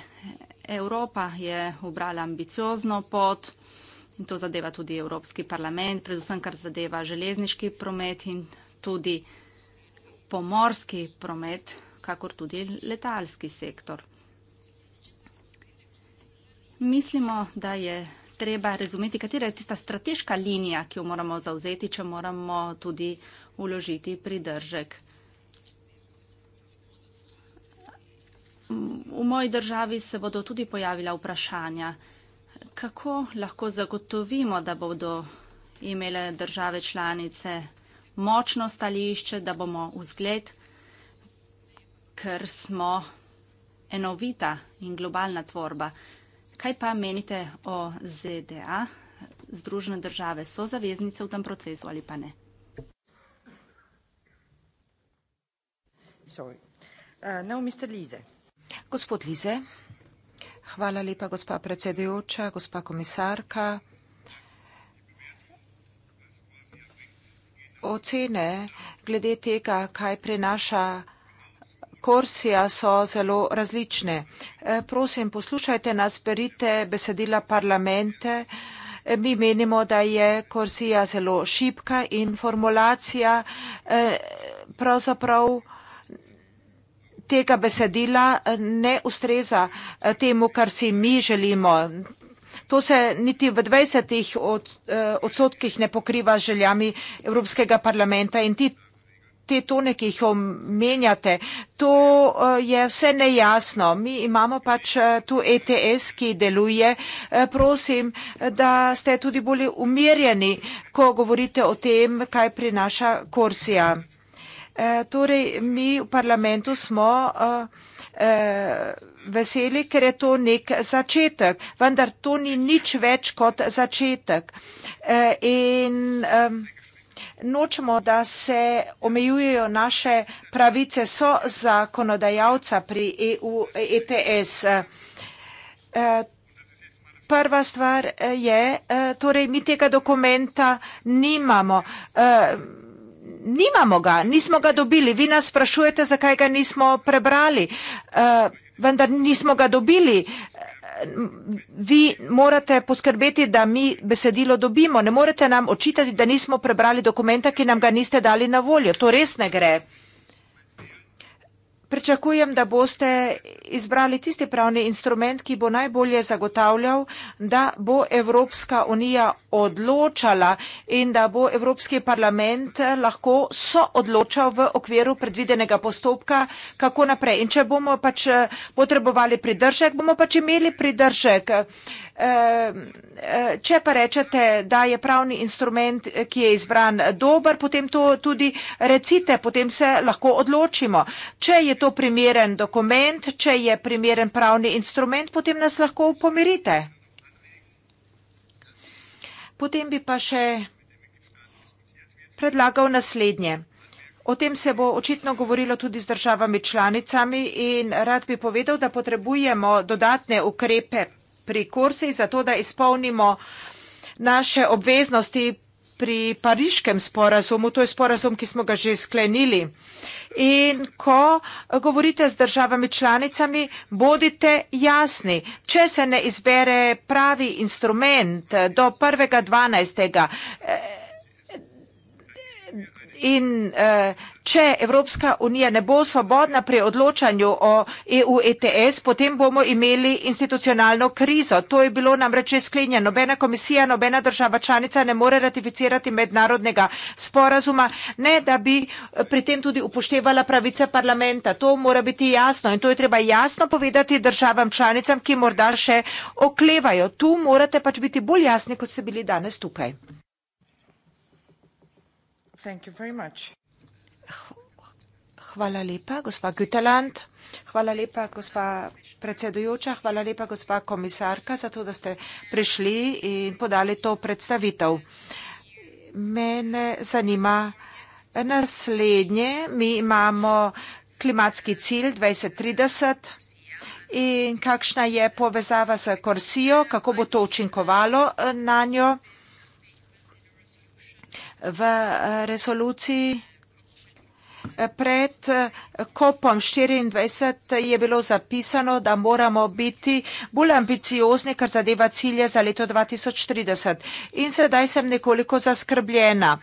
Evropa je obrala ambiciozno pot in to zadeva tudi Evropski parlament, predvsem kar zadeva železniški promet in tudi pomorski promet, kakor tudi letalski sektor. Mislimo, da je treba razumeti, katera je tista strateška linija, ki jo moramo zauzeti, če moramo tudi uložiti pridržek. v moji državi se bodo tudi pojavila vprašanja, kako lahko zagotovimo, da bodo imele države članice močno stališče, da bomo v zgled, ker smo enovita in globalna tvorba. Kaj pa menite o ZDA? Združene države so zaveznice v tem procesu ali pa ne? Sorry. Uh, now, Mr. Lise. Gospod Lize. Hvala lepa, gospa predsedujoča, gospa komisarka. Ocene glede tega, kaj prinaša Korsija, so zelo različne. Eh, prosim, poslušajte nas, berite besedila parlamente. Eh, mi menimo, da je Korsija zelo šipka in formulacija eh, pravzaprav tega besedila eh, ne ustreza eh, temu, kar si mi želimo. To se niti v 20 od, eh, odsotkih ne pokriva željami Evropskega parlamenta in ti, te tone, ki jih omenjate, to je vse nejasno. Mi imamo pač tu ETS, ki deluje. Prosim, da ste tudi bolj umirjeni, ko govorite o tem, kaj prinaša Korsija. Eh, torej, mi v parlamentu smo uh, uh, veseli, ker je to nek začetek, vendar to ni nič več kot začetek. Uh, in um, nočemo, da se omejujejo naše pravice so zakonodajalca pri EU, ETS. Uh, Prva stvar je, torej mi tega dokumenta nimamo nimamo ga, nismo ga dobili. Vi nas sprašujete, zakaj ga nismo prebrali, uh, vendar nismo ga dobili. Eh, vi morate poskrbeti, da mi besedilo dobimo. Ne morete nam očitati, da nismo prebrali dokumenta, ki nam ga niste dali na voljo. To res ne gre. Pričakujem, da boste izbrali tisti pravni instrument, ki bo najbolje zagotavljal, da bo Evropska unija odločala in da bo Evropski parlament eh, lahko soodločal v okviru predvidenega postopka, kako naprej. In če bomo pač eh, potrebovali pridržek, bomo pač imeli pridržek. Eh, če pa rečete, da je pravni instrument, ki je izbran, dober, potem to tudi recite, potem se lahko odločimo. Če je to primeren dokument, če je primeren pravni instrument, potem nas lahko pomirite. Potem bi pa še predlagal naslednje. O tem se bo očitno govorilo tudi z državami članicami in rad bi povedal, da potrebujemo dodatne ukrepe pri kursi, zato da izpolnimo naše obveznosti pri pariškem sporazumu, to je sporazum, ki smo ga že sklenili. In ko govorite z državami članicami, bodite jasni, če se ne izbere pravi instrument do 1.12 in eh, če Evropska unija ne bo svobodna pri odločanju o EU ETS, potem bomo imeli institucionalno krizo. To je bilo namreč že sklenjeno. Nobena komisija, nobena država članica ne more ratificirati mednarodnega sporazuma, ne da bi eh, pri tem tudi upoštevala pravice parlamenta. To mora biti jasno in to je treba jasno povedati državam članicam, ki morda še oklevajo. Tu morate pač biti bolj jasni, kot ste bili danes tukaj. Thank you very much. Hvala lepa, gospa Güteland. Hvala lepa, gospa predsedujoča. Hvala lepa, gospa komisarka, za to, da ste prišli in podali to predstavitev. Mene zanima naslednje. Mi imamo klimatski cilj 2030 in kakšna je povezava z Korsijo, kako bo to učinkovalo eh, na njo v eh, resoluciji eh, pred eh, kopom 24 je bilo zapisano, da moramo biti bolj ambiciozni, kar zadeva cilje za leto 2030. In sedaj sem nekoliko zaskrbljena.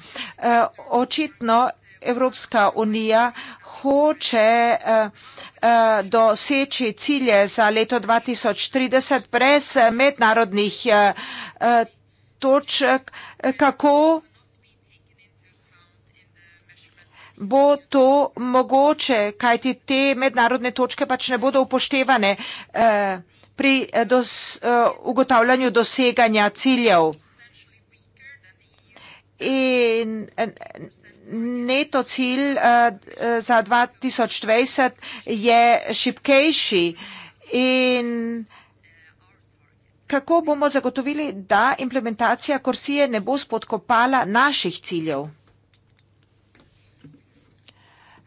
Očitno Evropska unija hoče doseči cilje za leto 2030 brez mednarodnih točk, kako vsega bo to mogoče, kajti te mednarodne točke pač ne bodo upoštevane eh, pri eh, dos, eh, ugotavljanju doseganja ciljev. In neto cilj eh, za 2020 je šipkejši. In kako bomo zagotovili, da implementacija Korsije ne bo spodkopala naših ciljev?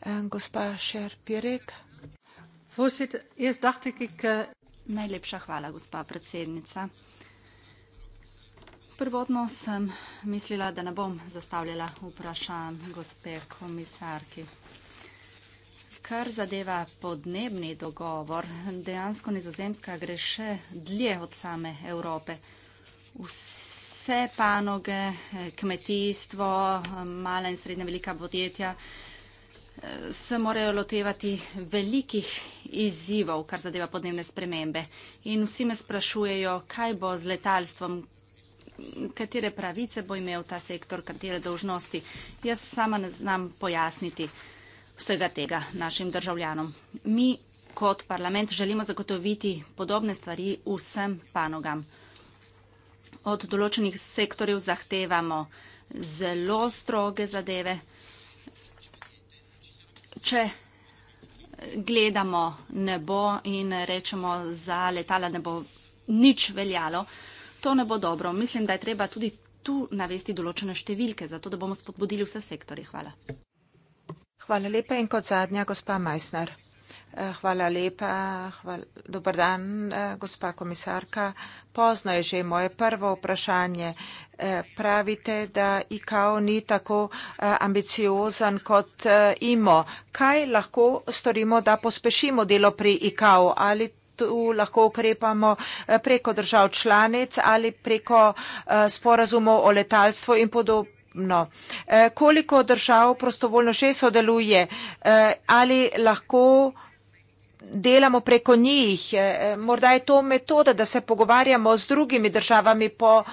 Eh, eh, Najlepša hvala, gospa predsednica. Prvotno sem mislila, da ne bom zastavljala vprašanj gospe komisarki. Kar zadeva podnebni dogovor, dejansko nizozemska gre še dlje od same Evrope. Vse panoge, kmetijstvo, mala in srednja velika podjetja, se morajo lotevati velikih izzivov, kar zadeva podnebne spremembe. In vsi me sprašujejo, kaj bo z letalstvom, katere pravice bo imel ta sektor, katere dožnosti. Jaz sama ne znam pojasniti vsega tega našim državljanom. Mi kot parlament želimo zagotoviti podobne stvari vsem panogam. Od določenih sektorjev zahtevamo zelo stroge zadeve, če gledamo nebo in rečemo, za letala ne bo nič veljalo, to ne bo dobro. Mislim, da je treba tudi tu navesti določene številke, zato da bomo spodbudili vse sektorje. Hvala. Hvala lepa in kot zadnja, gospa Majsner. Eh, hvala lepa. Hvala. Dobar dan, eh, gospa komisarka. Pozno je že moje prvo vprašanje. Eh, pravite, da IKAO ni tako eh, ambiciozen kot eh, IMO. Kaj lahko storimo, da pospešimo delo pri IKAO? Ali tu lahko ukrepamo preko držav članic ali preko sporazumov o letalstvu in podobno? No. Koliko držav prostovoljno še sodeluje? Ali lahko delamo preko njih. E, e, morda je to metoda, da se pogovarjamo z drugimi državami po uh,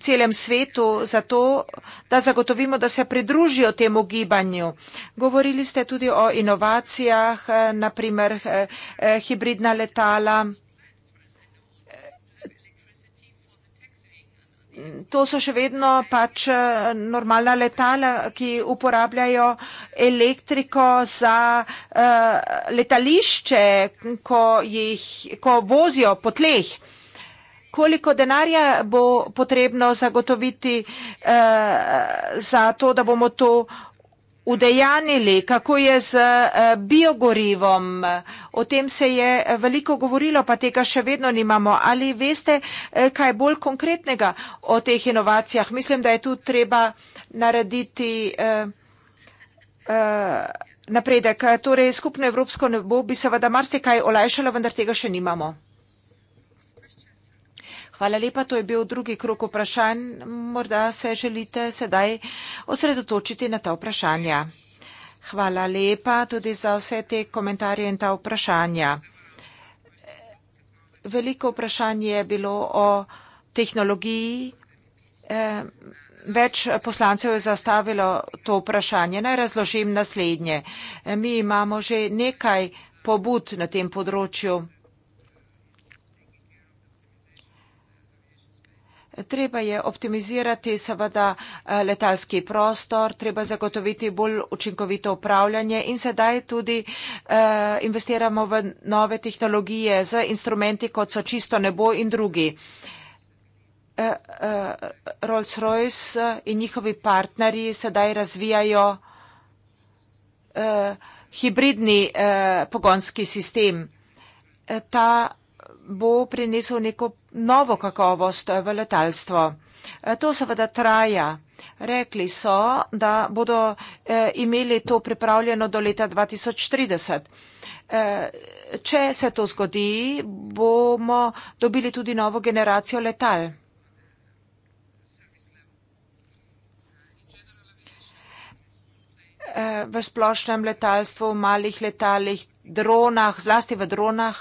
celem svetu, zato da zagotovimo, da se pridružijo temu gibanju. Govorili ste tudi o inovacijah, naprimer hibridna letala. to so še vedno pač eh, normalna letala, ki uporabljajo elektriko za uh, letališče, ko, jih, ko vozijo po tleh. Koliko denarja bo potrebno zagotoviti uh, za to, da bomo to udejanili, kako je z eh, biogorivom. O tem se je eh, veliko govorilo, pa tega še vedno nimamo. Ali veste eh, kaj bolj konkretnega o teh inovacijah? Mislim, da je tu treba narediti napredek. Torej, skupno evropsko nebo bi seveda marsikaj olajšalo, vendar tega še nimamo. Hvala lepa, to je bil drugi krok vprašanj. Morda se želite sedaj osredotočiti na ta vprašanja. Hvala lepa tudi za vse te komentarje in ta vprašanja. Veliko vprašanj je bilo o tehnologiji. Več poslancev je zastavilo to vprašanje. Naj razložim naslednje. Mi imamo že nekaj pobud na tem področju. Treba je optimizirati seveda eh, letalski prostor, treba zagotoviti bolj učinkovito upravljanje in sedaj tudi eh, investiramo v nove tehnologije z instrumenti, kot so čisto nebo in drugi. Eh, Rolls-Royce in njihovi partnerji sedaj razvijajo hibridni pogonski sistem. Ta vsega bo prinesel neko novo kakovost v letalstvo. E, to seveda traja. Rekli so, da bodo e, imeli to pripravljeno do leta 2030. E, če se to zgodi, bomo dobili tudi novo generacijo letal. V splošnem letalstvu, v malih letalih, dronah, zlasti v dronah.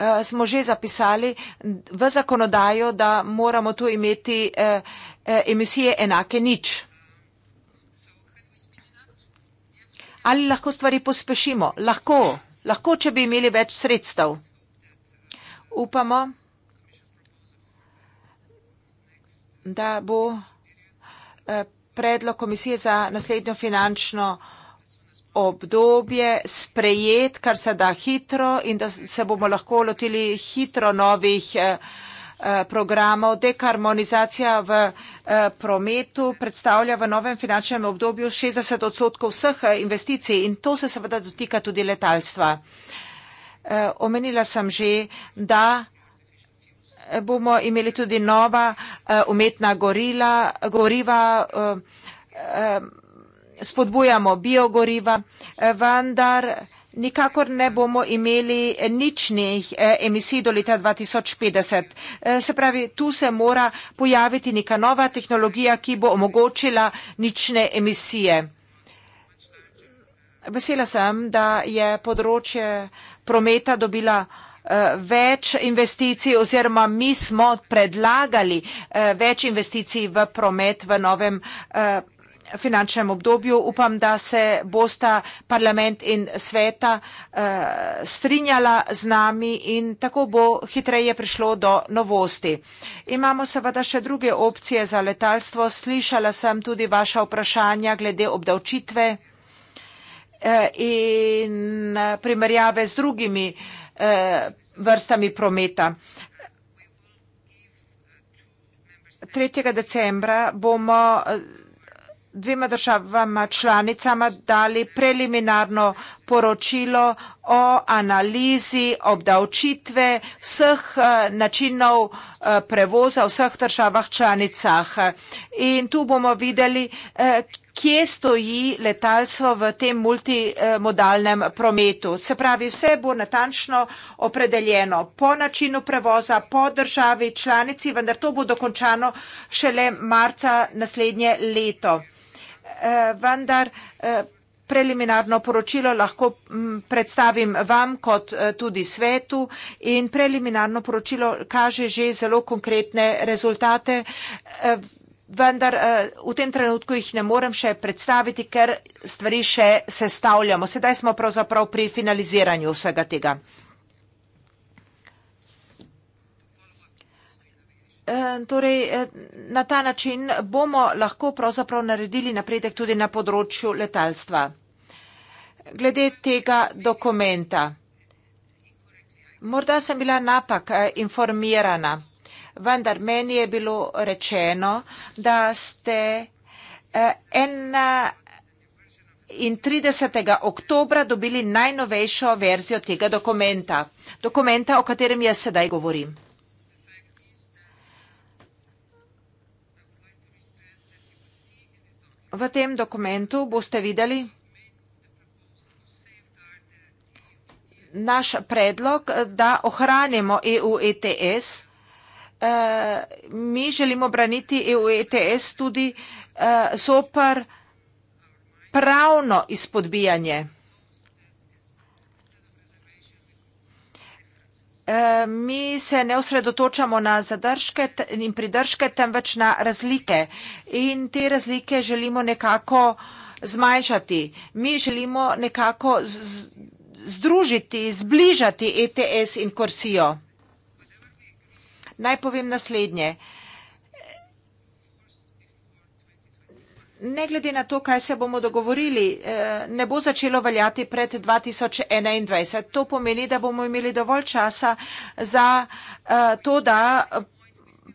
uh, smo že zapisali v zakonodajo, da moramo tu imeti uh, emisije enake nič. Ali lahko stvari pospešimo? Lahko. Lahko, če bi imeli več sredstev. Upamo, da bo predlog komisije za naslednjo finančno uh, obdobje sprejet, kar se da hitro in da se bomo lahko lotili hitro novih eh, eh, programov. Dekarmonizacija v eh, prometu predstavlja v novem finančnem obdobju 60 odstotkov vseh investicij in to se seveda dotika tudi letalstva. Omenila sem že, da bomo imeli tudi nova umetna gorila, goriva, spodbujamo biogoriva, eh, vendar nikakor ne bomo imeli ničnih eh, emisij do leta 2050. Eh, se pravi, tu se mora pojaviti neka nova tehnologija, ki bo omogočila nične emisije. Vesela sem, da je področje prometa dobila več investicij oziroma mi smo predlagali več investicij v promet v novem finančnem obdobju. Upam, da se bosta parlament in sveta uh, strinjala z nami in tako bo hitreje prišlo do novosti. Imamo seveda še druge opcije za letalstvo. Slišala sem tudi vaša vprašanja glede obdavčitve eh, in eh, primerjave z drugimi uh, vrstami prometa. 3. decembra bomo dvima državama članicama dali preliminarno poročilo o analizi obdavčitve vseh eh, načinov eh, prevoza v vseh državah članicah. In tu bomo videli, eh, kje stoji letalstvo v tem multimodalnem prometu. Se pravi, vse bo natančno opredeljeno po načinu prevoza, po državi članici, vendar to bo dokončano šele marca naslednje leto. Eh, vendar eh, preliminarno poročilo lahko mm, predstavim vam kot eh, tudi svetu in preliminarno poročilo kaže že zelo konkretne rezultate, vendar v tem trenutku jih ne morem še predstaviti, ker stvari še sestavljamo. Sedaj smo pravzaprav pri finaliziranju vsega tega. Eh, torej, eh, na ta način bomo lahko pravzaprav naredili napredek tudi na področju letalstva. Glede tega dokumenta. Morda sem bila napak eh, informirana, vendar meni je bilo rečeno, da ste 31. oktobra dobili najnovejšo verzijo tega dokumenta, dokumenta, o katerem jaz sedaj govorim. V tem dokumentu boste videli naš predlog, da ohranimo EU ETS. Mi želimo braniti EU ETS tudi eh, zoper pravno izpodbijanje. Eh, mi se ne osredotočamo na zadržke in pridržke, temveč na razlike. In te razlike želimo nekako zmanjšati. Mi želimo nekako združiti, zbližati ETS in Korsijo. Naj povem naslednje. Uh, ne glede na to, kaj se bomo dogovorili, eh, ne bo začelo veljati pred 2021. To pomeni, da bomo imeli dovolj časa za eh, to, da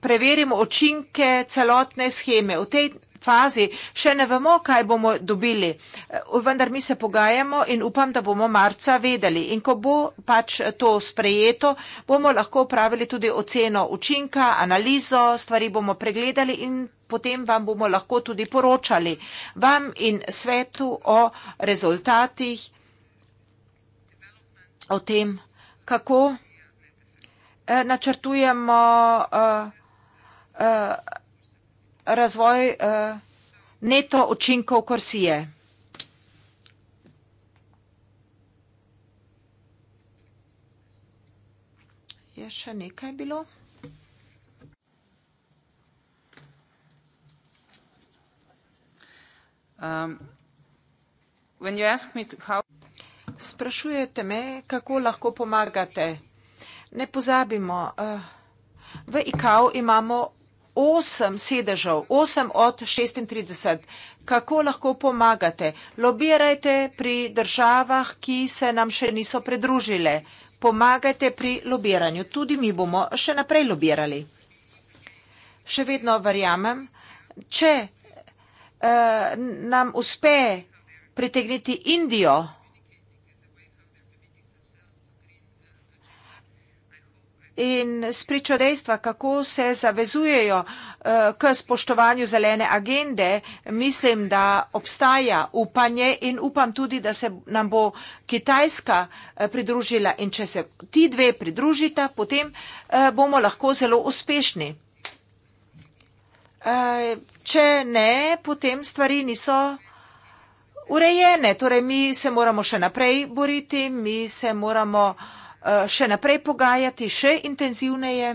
preverimo očinke celotne scheme. V tem fazi, še ne vemo, kaj bomo dobili. Eh, vendar mi se pogajamo in upam, da bomo marca vedeli. In ko bo pač to sprejeto, bomo lahko upravili tudi oceno učinka, analizo, stvari bomo pregledali in potem vam bomo lahko tudi poročali vam in svetu o rezultatih, o tem, kako eh, načrtujemo uh, uh, razvoj uh, neto učinkov korsije. Je še nekaj bilo? Um, how... Sprašujete me, kako lahko pomagate. Ne pozabimo, uh, v IKAV imamo osem sedežev, osem od 36. Kako lahko pomagate? Lobirajte pri državah, ki se nam še niso pridružile. Pomagajte pri lobiranju. Tudi mi bomo še naprej lobirali. Še vedno verjamem, če uh, nam uspe pritegniti Indijo, in spričo dejstva, kako se zavezujejo eh, k spoštovanju zelene agende, mislim, da obstaja upanje in upam tudi, da se nam bo Kitajska eh, pridružila in če se ti dve pridružita, potem eh, bomo lahko zelo uspešni. Če ne, potem stvari niso urejene, torej mi se moramo še naprej boriti, mi se moramo urejene, Eh, še naprej pogajati, še intenzivneje.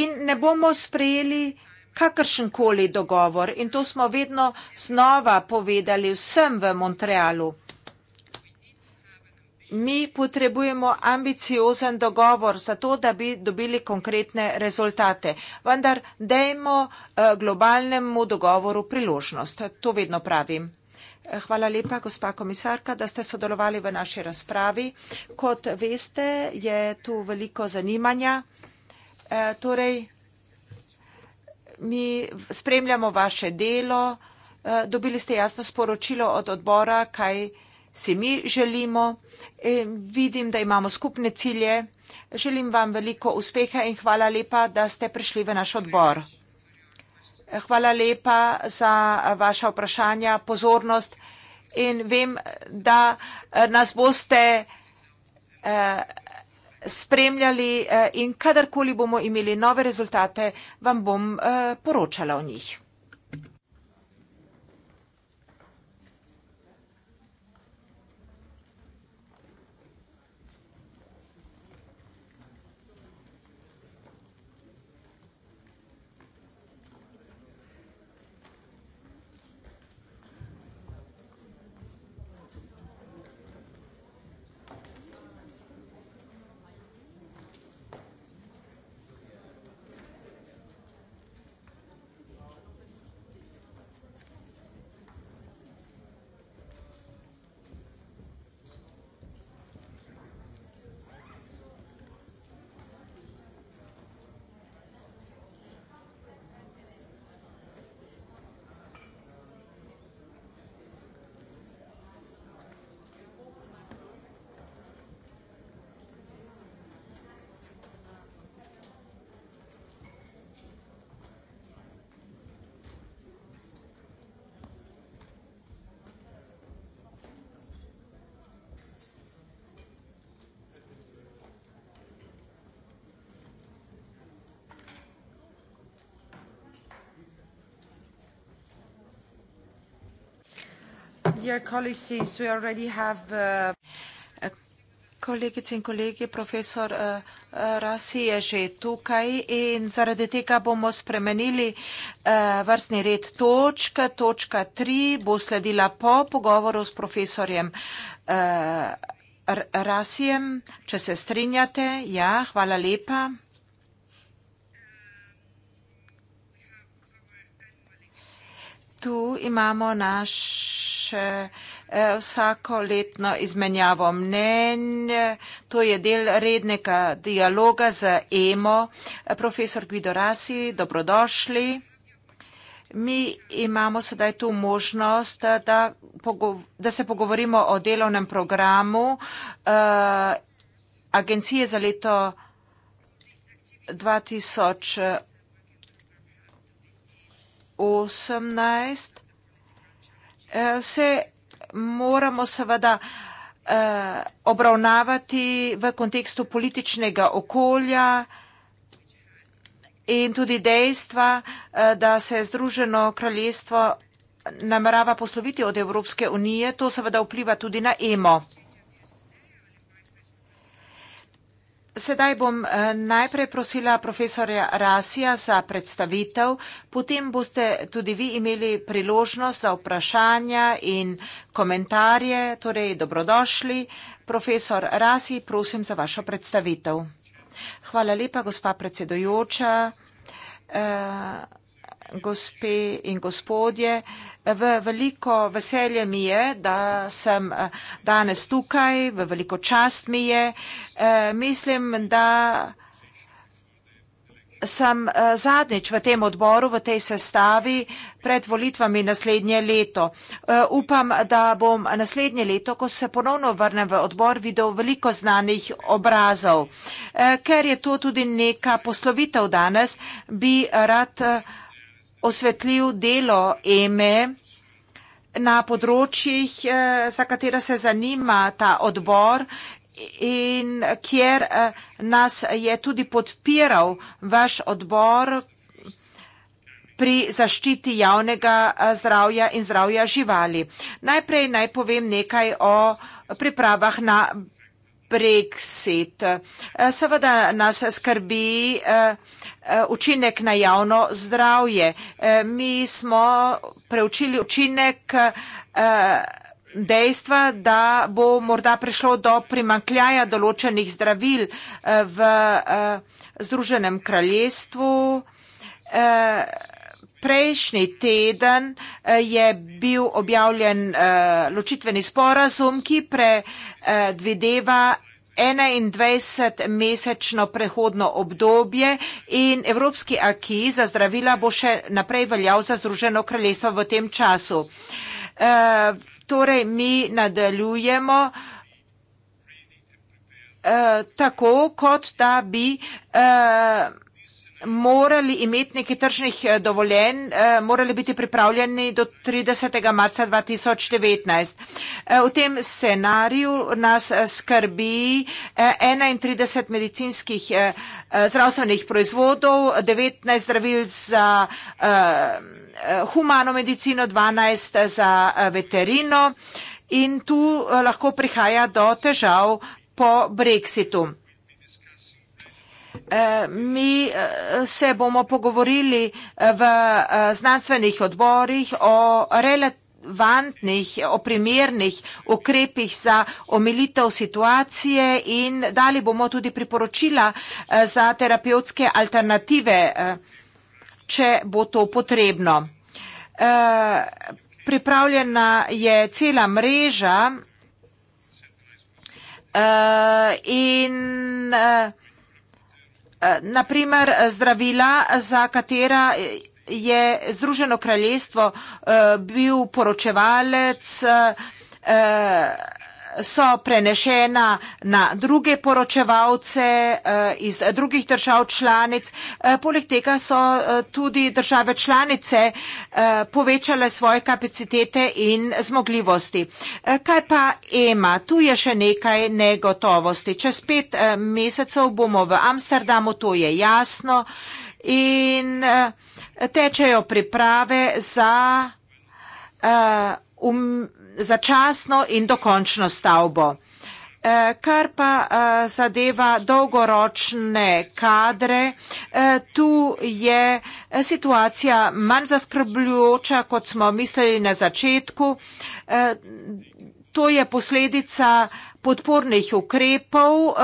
In ne bomo sprejeli kakršenkoli dogovor. In to smo vedno znova povedali vsem v Montrealu. Mi potrebujemo ambiciozen dogovor za to, da bi dobili konkretne rezultate. Vendar dejmo eh, globalnemu dogovoru priložnost. To vedno pravim. Hvala lepa, gospa komisarka, da ste sodelovali v naši razpravi. Kot veste, je tu veliko zanimanja. E, torej, mi spremljamo vaše delo. E, dobili ste jasno sporočilo od odbora, kaj si mi želimo. E, vidim, da imamo skupne cilje. Želim vam veliko uspeha in hvala lepa, da ste prišli v naš odbor. Hvala lepa za vaša vprašanja, pozornost in vem, da eh, nas boste eh, spremljali eh, in kadarkoli bomo imeli nove rezultate, vam bom poročala o njih. Dear colleagues, since we already have uh, Kolegice in kolege, profesor uh, uh, Rasi je že tukaj in zaradi tega bomo spremenili vrstni red točk. Točka 3 bo sledila po pogovoru s profesorjem Rasijem, če se strinjate. Ja, hvala lepa. tu imamo naše eh, vsako letno izmenjavo mnenj. To je del rednega dialoga z EMO. Profesor Guido Rasi, dobrodošli. Mi imamo sedaj tu možnost, da, da se pogovorimo o delovnem programu eh, agencije za leto 2008. 18. Eh, vse moramo seveda eh, obravnavati v kontekstu političnega okolja in tudi dejstva, eh, da se je Združeno kraljestvo namerava posloviti od Evropske unije. To seveda vpliva tudi na EMO. Sedaj bom eh, najprej prosila profesorja Rasija za predstavitev, potem boste tudi vi imeli priložnost za vprašanja in komentarje, torej dobrodošli. Profesor Rasij, prosim za vašo predstavitev. Hvala lepa, gospa predsedojoča, eh, gospe in gospodje. V veliko veselje mi je, da sem eh, danes tukaj, v veliko čast mi je. Eh, mislim, da sem eh, zadnjič v tem odboru, v tej sestavi, pred volitvami naslednje leto. Upam, da bom naslednje leto, ko se ponovno vrnem v odbor, videl veliko znanih obrazov. Ker je to tudi neka poslovitev danes, bi rad osvetlil delo EME na področjih, eh, za katera se zanima ta odbor in kjer eh, nas je tudi podpiral vaš odbor pri zaščiti javnega eh, zdravja in zdravja živali. Najprej naj povem nekaj o pripravah na Brexit. Eh, seveda nas skrbi eh, eh, učinek na javno zdravje. Mi smo preučili učinek dejstva, da bo morda prišlo do primankljaja določenih zdravil v Združenem kraljestvu prejšnji teden eh, je bil objavljen eh, ločitveni sporazum, ki predvideva eh, 21-mesečno prehodno obdobje in Evropski aki za zdravila bo še naprej veljal za Združeno kraljestvo v tem času. Torej, mi nadaljujemo tako, kot da bi morali imeti nekaj tržnih eh, dovoljenj, eh, morali biti pripravljeni do 30. marca 2019. Eh, v tem scenariju nas skrbi 31 medicinskih zdravstvenih proizvodov, 19 zdravil za humano medicino, 12 za veterino in tu lahko prihaja do težav po brexitu. Eh, mi eh, se bomo pogovorili eh, v znanstvenih odborih o relevantnih, o primernih ukrepih za omilitev situacije in dali bomo tudi priporočila za terapevtske alternative, če bo to potrebno. Pripravljena je cela mreža in Eh, na primer eh, zdravila, eh, za katera je Združeno kraljestvo bil poročevalec so prenešena na druge poročevalce eh, iz drugih držav članic. Eh, poleg tega so eh, tudi države članice povečale svoje kapacitete in zmogljivosti. Kaj pa EMA? Tu je še nekaj negotovosti. Čez pet mesecev bomo v Amsterdamu, to je jasno. In tečejo priprave za uh, um, začasno in dokončno stavbo. Eh, kar pa eh, zadeva dolgoročne kadre, eh, tu je situacija manj zaskrbljujoča, kot smo mislili na začetku. To je posledica podpornih ukrepov,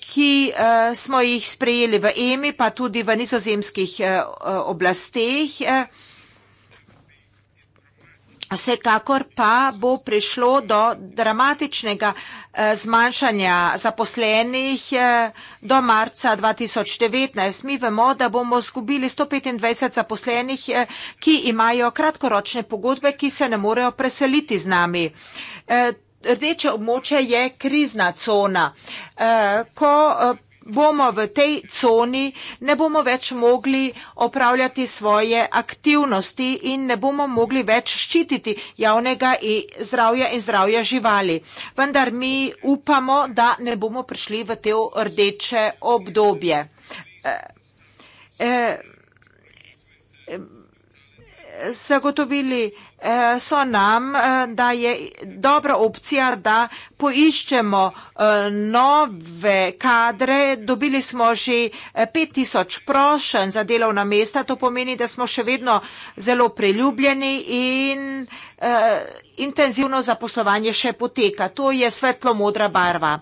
ki smo jih sprejeli v EMI, pa tudi v nizozemskih oblasteh. Vsekakor pa bo prišlo do dramatičnega eh, zmanjšanja zaposlenih eh, do marca 2019. Mi vemo, da bomo zgubili 125 zaposlenih, eh, ki imajo kratkoročne pogodbe, ki se ne morejo preseliti z nami. Rdeče območje je krizna cona. Ko bomo v tej coni, ne bomo več mogli opravljati svoje aktivnosti in ne bomo mogli več ščititi javnega in zdravja in zdravja živali. Vendar mi upamo, da ne bomo prišli v te rdeče obdobje. E, e, zagotovili, eh, so nam, eh, da je dobra opcija, da poiščemo eh, nove kadre. Dobili smo že 5000 prošenj za delovna mesta, to pomeni, da smo še vedno zelo priljubljeni in intenzivno zaposlovanje še poteka. To je svetlo-modra barva.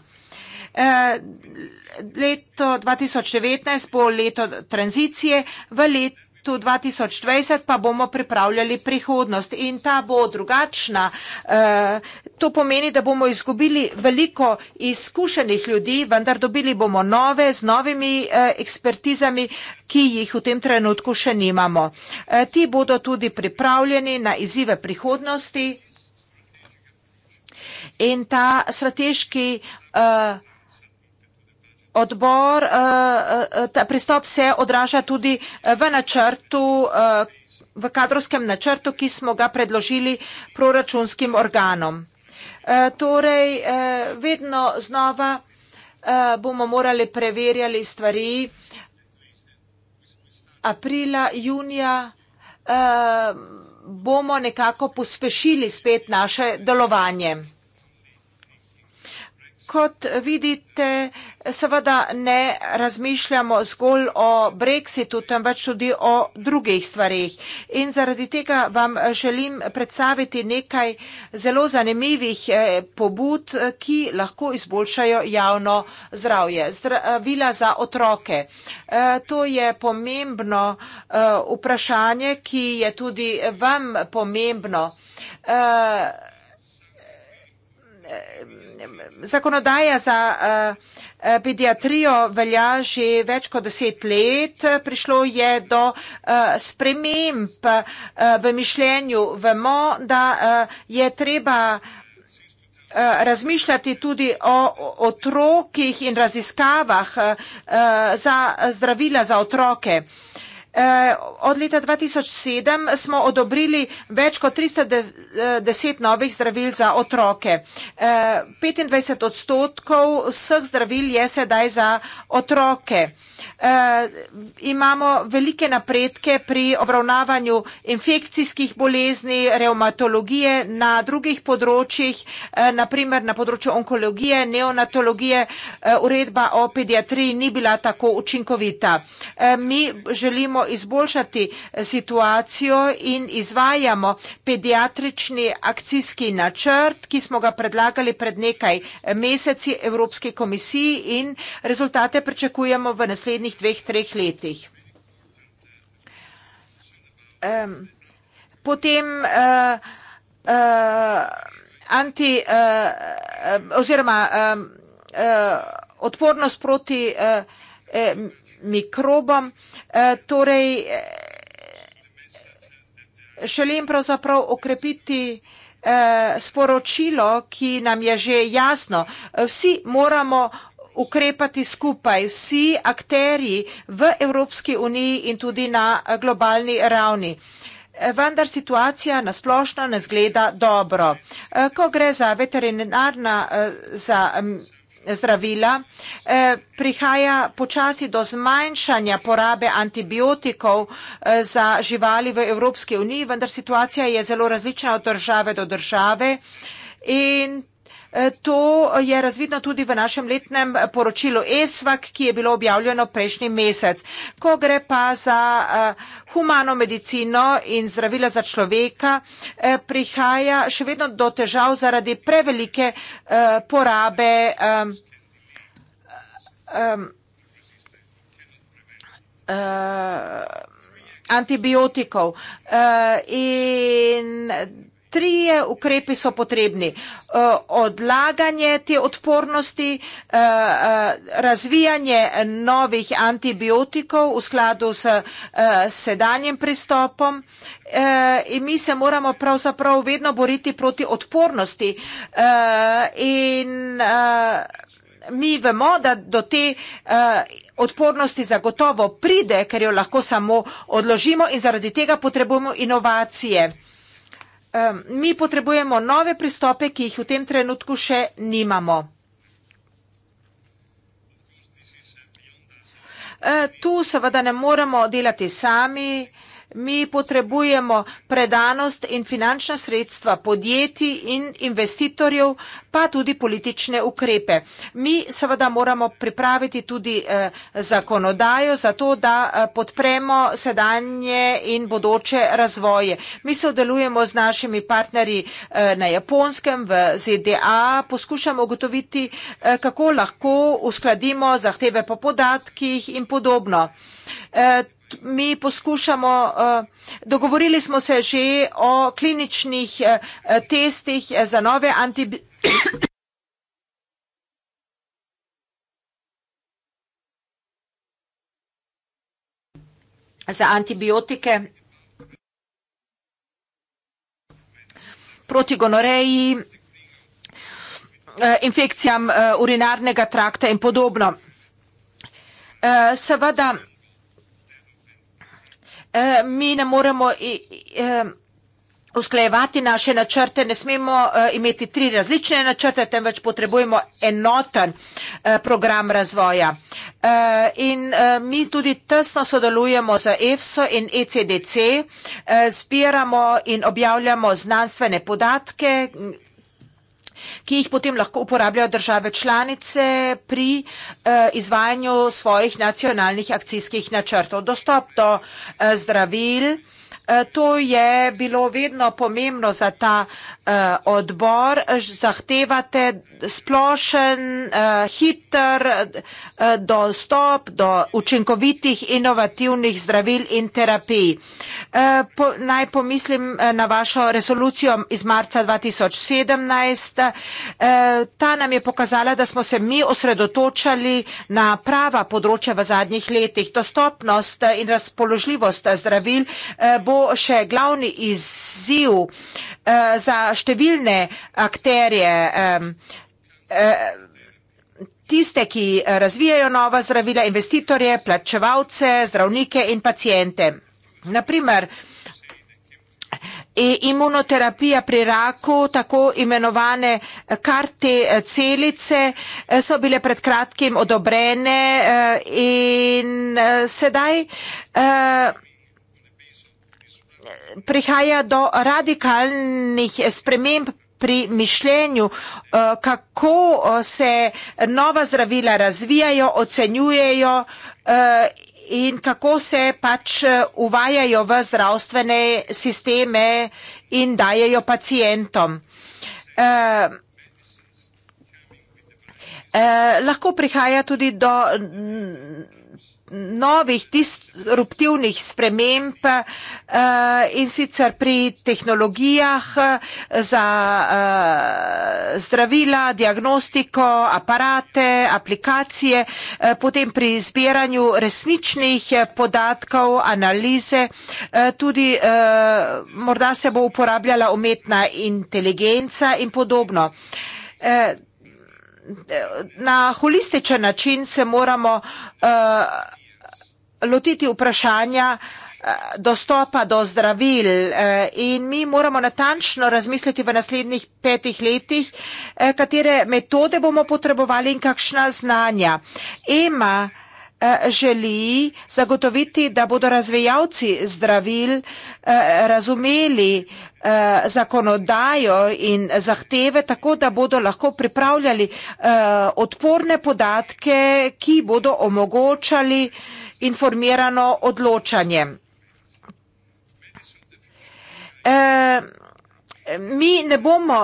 Leto 2019 bo leto tranzicije, v letu letu 2020 pa bomo pripravljali prihodnost in ta bo drugačna. Eh, to pomeni, da bomo izgubili veliko izkušenih ljudi, vendar dobili bomo nove z novimi eh, ekspertizami, ki jih v tem trenutku še nimamo. Eh, ti bodo tudi pripravljeni na izzive prihodnosti in ta strateški uh, odbor, eh, eh, ta pristop se odraža tudi eh, v načrtu, v kadrovskem načrtu, ki smo ga predložili proračunskim organom. Torej, vedno znova bomo morali preverjali stvari. Aprila, junija bomo nekako pospešili spet naše delovanje. Kot vidite, seveda ne razmišljamo zgolj o brexitu, temveč tudi o drugih stvarih. In zaradi tega vam želim predstaviti nekaj zelo zanimivih eh, pobud, ki lahko izboljšajo javno zdravje. Zdravila eh, za otroke. Eh, to je pomembno vprašanje, ki je tudi vam pomembno. Zakonodaja za eh, eh, pediatrijo velja že več kot deset let. Prišlo je do eh, sprememb v mišljenju. Vemo, da je treba razmišljati tudi o otrokih in raziskavah za zdravila za otroke. Zdravila za otroke. Eh, od leta 2007 smo odobrili več kot 310 novih zdravil za otroke. 25 eh, odstotkov vseh zdravil je sedaj za otroke. Eh, imamo velike napredke pri obravnavanju infekcijskih bolezni, reumatologije na drugih področjih, naprimer na področju onkologije, neonatologije. Uredba o pediatriji ni bila tako učinkovita. Mi želimo moramo izboljšati eh, situacijo in izvajamo pediatrični akcijski načrt, ki smo ga predlagali pred nekaj eh, meseci Evropski komisiji in rezultate pričakujemo v naslednjih dveh, treh letih. Potem eh, anti oziroma odpornost proti mediju, mikrobom. E, torej, e, želim pravzaprav okrepiti e, sporočilo, ki nam je že jasno. Vsi moramo ukrepati skupaj, vsi akteri v Evropski uniji in tudi na globalni ravni. Vendar situacija na splošno ne zgleda dobro. Ko gre za veterinarna, za zdravila, eh, prihaja počasi do zmanjšanja porabe antibiotikov eh, za živali v Evropski uniji, vendar situacija je zelo različna od države do države in E, to je razvidno tudi v našem letnem poročilu ESVAK, ki je bilo objavljeno prejšnji mesec. Ko gre pa za e, humano medicino in zdravila za človeka, e, prihaja še vedno do težav zaradi prevelike porabe antibiotikov. In trije ukrepi so potrebni. E, odlaganje te odpornosti, e, e, razvijanje novih antibiotikov v skladu s sedanjem pristopom in mi se moramo pravzaprav vedno boriti proti odpornosti. In mi vemo, da do te odpornosti zagotovo pride, ker jo lahko samo odložimo in zaradi tega potrebujemo inovacije um, mi potrebujemo nove pristope, ki jih v tem trenutku še nimamo. Uh, tu seveda ne moremo delati sami. Uh, mi potrebujemo predanost in finančna sredstva podjetij in investitorjev, pa tudi politične ukrepe. Mi seveda moramo pripraviti tudi eh, zakonodajo za to, da eh, podpremo sedanje in bodoče razvoje. Mi se odelujemo z našimi partnerji eh, na Japonskem, v ZDA, poskušamo ugotoviti, kako lahko uskladimo zahteve po podatkih in podobno mi poskušamo, eh, dogovorili smo se že o kliničnih eh, testih eh, za nove antibiotike. za antibiotike proti gonoreji, infekcijam urinarnega trakta in podobno. Seveda, Eh, mi ne moremo usklajevati naše načrte, ne smemo eh, imeti tri različne načrte, temveč potrebujemo enoten eh, program razvoja. In mi tudi tesno sodelujemo z EFSO in ECDC, zbiramo in objavljamo znanstvene podatke, ki jih potem lahko uporabljajo države članice pri eh, izvajanju svojih nacionalnih akcijskih načrtov. Dostop do eh, zdravil, eh, to je bilo vedno pomembno za ta Eh, odbor eh, zahtevate splošen, eh, hiter dostop do učinkovitih inovativnih zdravil in terapij. Naj pomislim na vašo resolucijo iz marca 2017. Ta nam je pokazala, da smo se mi osredotočali na prava področja v zadnjih letih. Dostopnost in razpoložljivost zdravil bo še glavni izziv za številne akterje, tiste, ki razvijajo nova zdravila, investitorje, plačevalce, zdravnike in pacijente. Naprimer, e, imunoterapija pri raku, tako imenovane karte e, celice, e, so bile pred kratkim odobrene in sedaj prihaja do radikalnih sprememb pri mišljenju, eh, kako eh, se nova zdravila razvijajo, ocenjujejo eh, in kako se pač uvajajo v zdravstvene sisteme in dajejo pacijentom. Lahko prihaja tudi do novih disruptivnih sprememb eh, in sicer pri tehnologijah eh, za eh, zdravila, diagnostiko, aparate, aplikacije, potem pri zbiranju resničnih podatkov, analize, tudi morda se bo uporabljala umetna inteligenca in podobno na holističen način se moramo eh, lotiti vprašanja eh, dostopa do zdravil eh, in mi moramo natančno razmisliti v naslednjih petih letih, katere metode bomo potrebovali in kakšna znanja. Ema, Eh, želi zagotoviti, da bodo razvejalci zdravil eh, razumeli eh, zakonodajo in zahteve tako, da bodo lahko pripravljali odporne podatke, ki bodo omogočali informirano odločanje. Mi ne bomo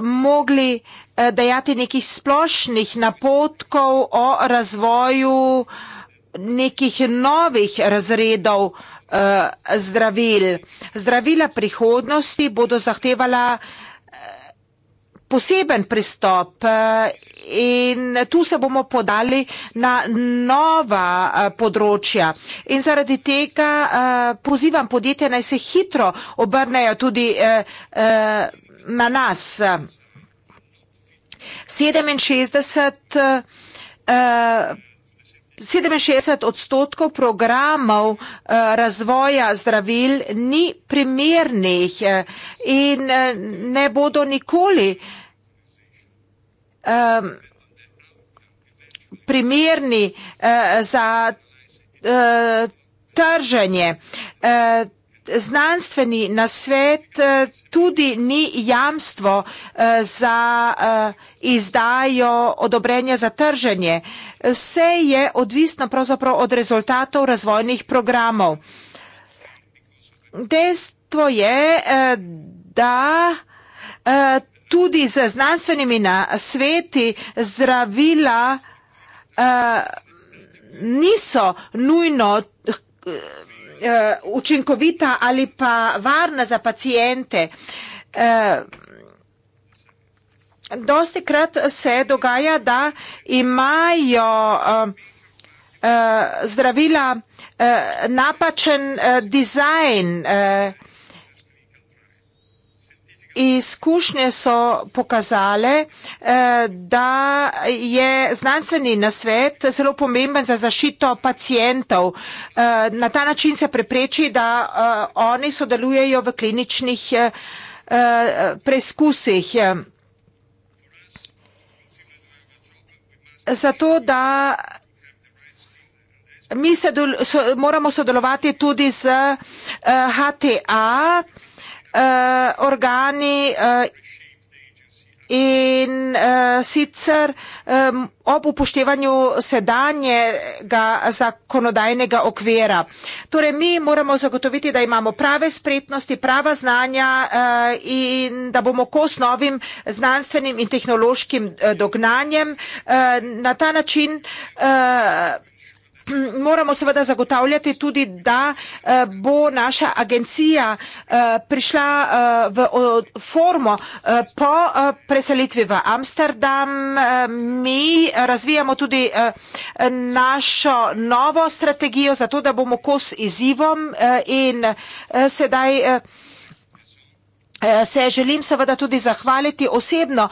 mogli Eh, dajati nekih splošnih napotkov o razvoju nekih novih razredov eh, zdravil. Zdravila prihodnosti bodo zahtevala eh, poseben pristop in tu se bomo podali na nova področja. In zaradi tega pozivam podjetja, naj se hitro obrnejo tudi na nas področje. 67, uh, 67 odstotkov programov uh, razvoja zdravil ni primernih eh, in uh, ne bodo nikoli um, primerni uh, za uh, trženje. Uh, znanstveni nasvet eh, tudi ni jamstvo eh, za eh, izdajo odobrenja za trženje. Vse je odvisno pravzaprav od rezultatov razvojnih programov. Dejstvo je, da tudi z znanstvenimi nasveti zdravila niso nujno Eh, učinkovita ali pa varna za pacijente. Eh, Dosti krat se dogaja, da imajo eh, zdravila napačen dizajn, izkušnje so pokazale, eh, da je znanstveni nasvet zelo pomemben za zaščito pacijentov. Eh, na ta način se prepreči, da eh, oni sodelujejo v kliničnih preizkusih. Zato, da mi se do, so, moramo sodelovati tudi z uh, HTA, uh, Eh, organi eh, in eh, sicer ob upoštevanju sedanjega zakonodajnega okvira. Torej, mi moramo zagotoviti, da imamo prave spretnosti, prava znanja in da bomo kos novim znanstvenim in tehnološkim dognanjem. Na ta način moramo seveda zagotavljati tudi, da eh, bo naša agencija eh, prišla eh, v formo po preselitvi v Amsterdam. Mi razvijamo tudi našo novo strategijo, zato da bomo kos izzivom in sedaj se želim seveda tudi zahvaliti osebno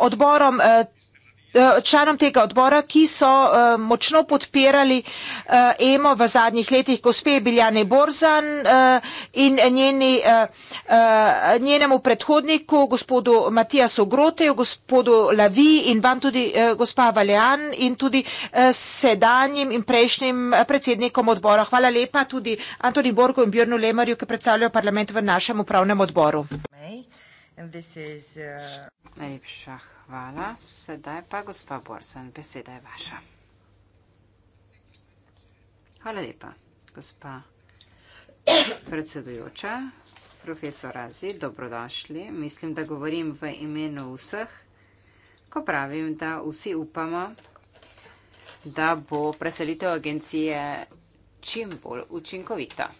odborom Eh, članom tega odbora, ki so uh, močno podpirali uh, EMO v zadnjih letih, gospe Biljane Borzan uh, in njeni, uh, uh, njenemu predhodniku, gospodu Matijasu Groteju, gospodu Lavi in vam tudi uh, gospa Valjan in tudi uh, sedanjim in prejšnjim predsednikom odbora. Hvala lepa tudi Antoni Borgu in Björnu Lemarju, ki predstavljajo parlament v našem upravnem odboru. May, Hvala. Sedaj pa gospa Borsen, beseda je vaša. Hvala lepa, gospa predsedujoča, profesor Razi, dobrodošli. Mislim, da govorim v imenu vseh, ko pravim, da vsi upamo, da bo preselitev agencije čim bolj učinkovita.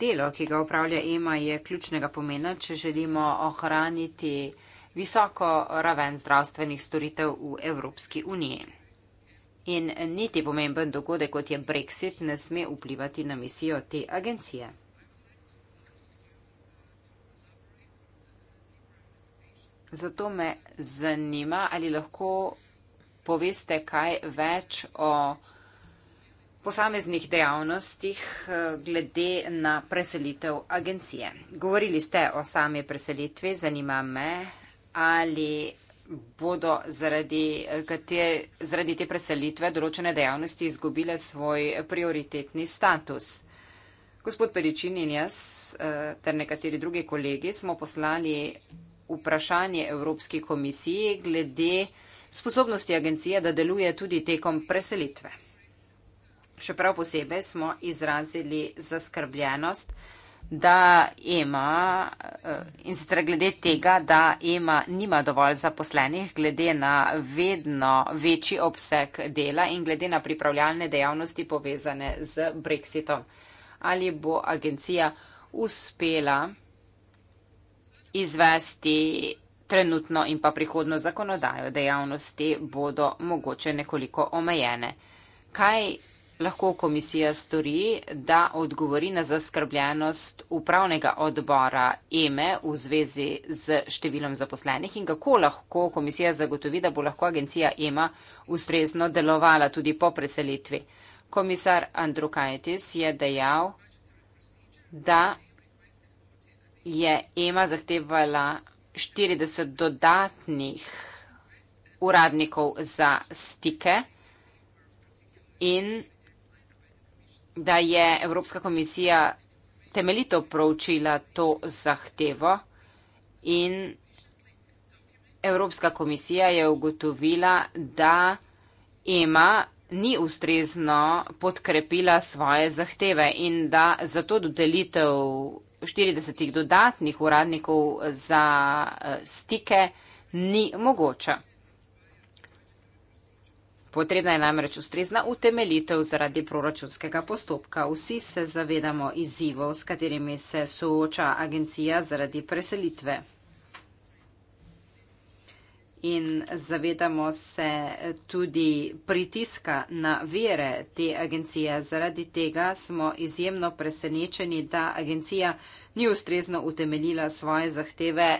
Delo, ki ga upravlja EMA, je ključnega pomena, če želimo ohraniti visoko raven zdravstvenih storitev v Evropski uniji. In niti pomemben dogodek, kot je Brexit, ne sme vplivati na misijo te agencije. Zato me zanima, ali lahko poveste kaj več o posameznih dejavnostih eh, glede na preselitev agencije. Govorili ste o sami preselitvi, zanima me, ali bodo zaradi, eh, kater, zaradi te preselitve določene dejavnosti izgubile svoj prioritetni status. Gospod Peričin in jaz eh, ter nekateri drugi kolegi smo poslali vprašanje Evropski komisiji glede sposobnosti agencije, da deluje tudi tekom preselitve. Še prav posebej smo izrazili zaskrbljenost, da ima eh, in sicer glede tega, da ima nima dovolj zaposlenih, glede na vedno večji obseg dela in glede na pripravljalne dejavnosti povezane z Brexitom. Ali bo agencija uspela izvesti trenutno in pa prihodno zakonodajo, dejavnosti bodo mogoče nekoliko omejene. Kaj lahko komisija stori, da odgovori na zaskrbljenost upravnega odbora EME e v zvezi z številom zaposlenih in kako lahko komisija zagotovi, da bo lahko agencija EMA e ustrezno delovala tudi po preselitvi. Komisar Andrukaitis je dejal, da je EMA e zahtevala 40 dodatnih uradnikov za stike in da je Evropska komisija temeljito proučila to zahtevo in Evropska komisija je ugotovila, da EMA ni ustrezno podkrepila svoje zahteve in da zato dodelitev 40 dodatnih uradnikov za eh, stike ni mogoča. Potrebna je namreč ustrezna utemeljitev zaradi proračunskega postopka. Vsi se zavedamo izzivov, s katerimi se sooča agencija zaradi preselitve. In zavedamo se tudi pritiska na vere te agencije. Zaradi tega smo izjemno presenečeni, da agencija ni ustrezno utemeljila svoje zahteve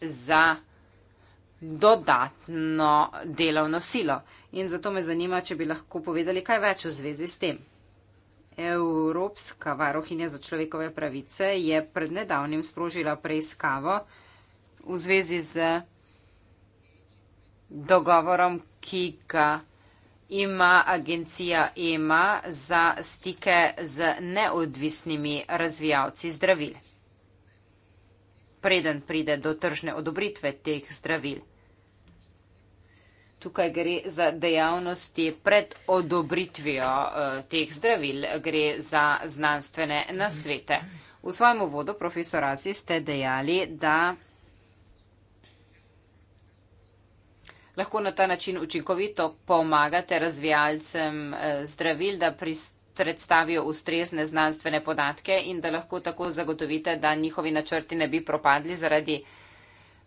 za dodatno delovno silo in zato me zanima, če bi lahko povedali kaj več v zvezi s tem. Evropska varohinja za človekove pravice je pred nedavnim sprožila preiskavo v zvezi z dogovorom, ki ga ima agencija EMA za stike z neodvisnimi razvijalci zdravil. Preden pride do tržne odobritve teh zdravil. Tukaj gre za dejavnosti pred odobritvijo uh, teh zdravil, gre za znanstvene nasvete. V svojem uvodu, profesor Azi, ste dejali, da lahko na ta način učinkovito pomagate razvijalcem uh, zdravil, da predstavijo ustrezne znanstvene podatke in da lahko tako zagotovite, da njihovi načrti ne bi propadli zaradi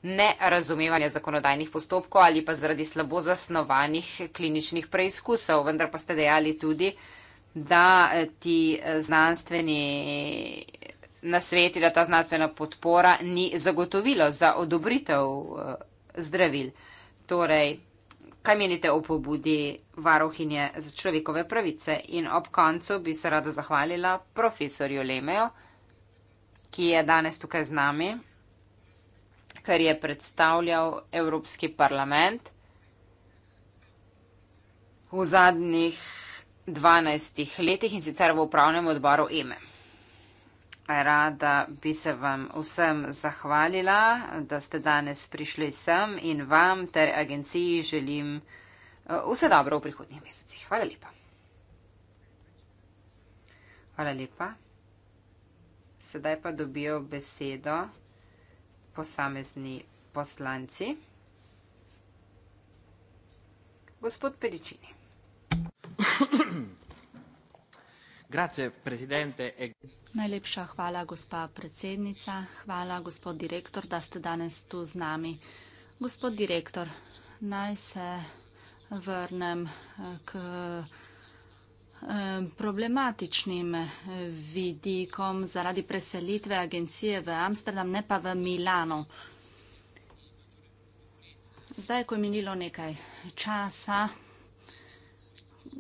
nerazumevanja zakonodajnih postopkov ali pa zaradi slabo zasnovanih kliničnih preizkusov. Vendar pa ste dejali tudi, da eh, ti eh, znanstveni nasveti, da ta znanstvena podpora ni zagotovilo za odobritev eh, zdravil. Torej, kaj menite o pobudi varohinje za človekove pravice? In ob koncu bi se rada zahvalila profesorju Lemejo, ki je danes tukaj z nami kar je predstavljal Evropski parlament v zadnjih 12 letih in sicer v upravnem odboru EME. Rada bi se vam vsem zahvalila, da ste danes prišli sem in vam ter agenciji želim eh, vse dobro v prihodnjih mesecih. Hvala lepa. Hvala lepa. Sedaj pa dobijo besedo posamezni poslanci. Gospod Pedicini. E- Najlepša hvala, gospa predsednica. Hvala, gospod direktor, da ste danes tu z nami. Gospod direktor, naj se vrnem eh, k Eh, problematičnim eh, vidikom zaradi preselitve agencije v Amsterdam, ne pa v Milano. Zdaj, ko je minilo nekaj časa,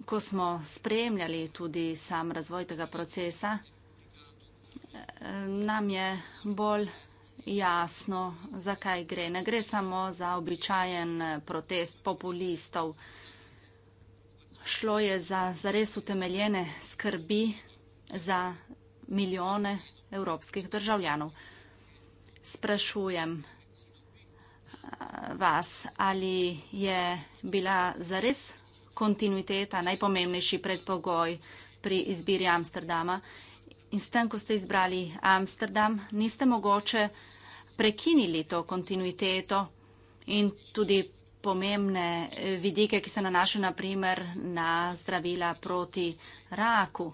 ko smo spremljali tudi sam razvoj tega procesa, eh, nam je bolj jasno, zakaj gre. Ne gre samo za običajen protest populistov, šlo je za zares utemeljene skrbi za milijone evropskih državljanov. Sprašujem eh, vas, ali je bila zares kontinuiteta najpomembnejši predpogoj pri izbiri Amsterdama in s tem, ko ste izbrali Amsterdam, niste mogoče prekinili to kontinuiteto in tudi pomembne eh, vidike, ki se nanašajo naprimer na zdravila proti raku,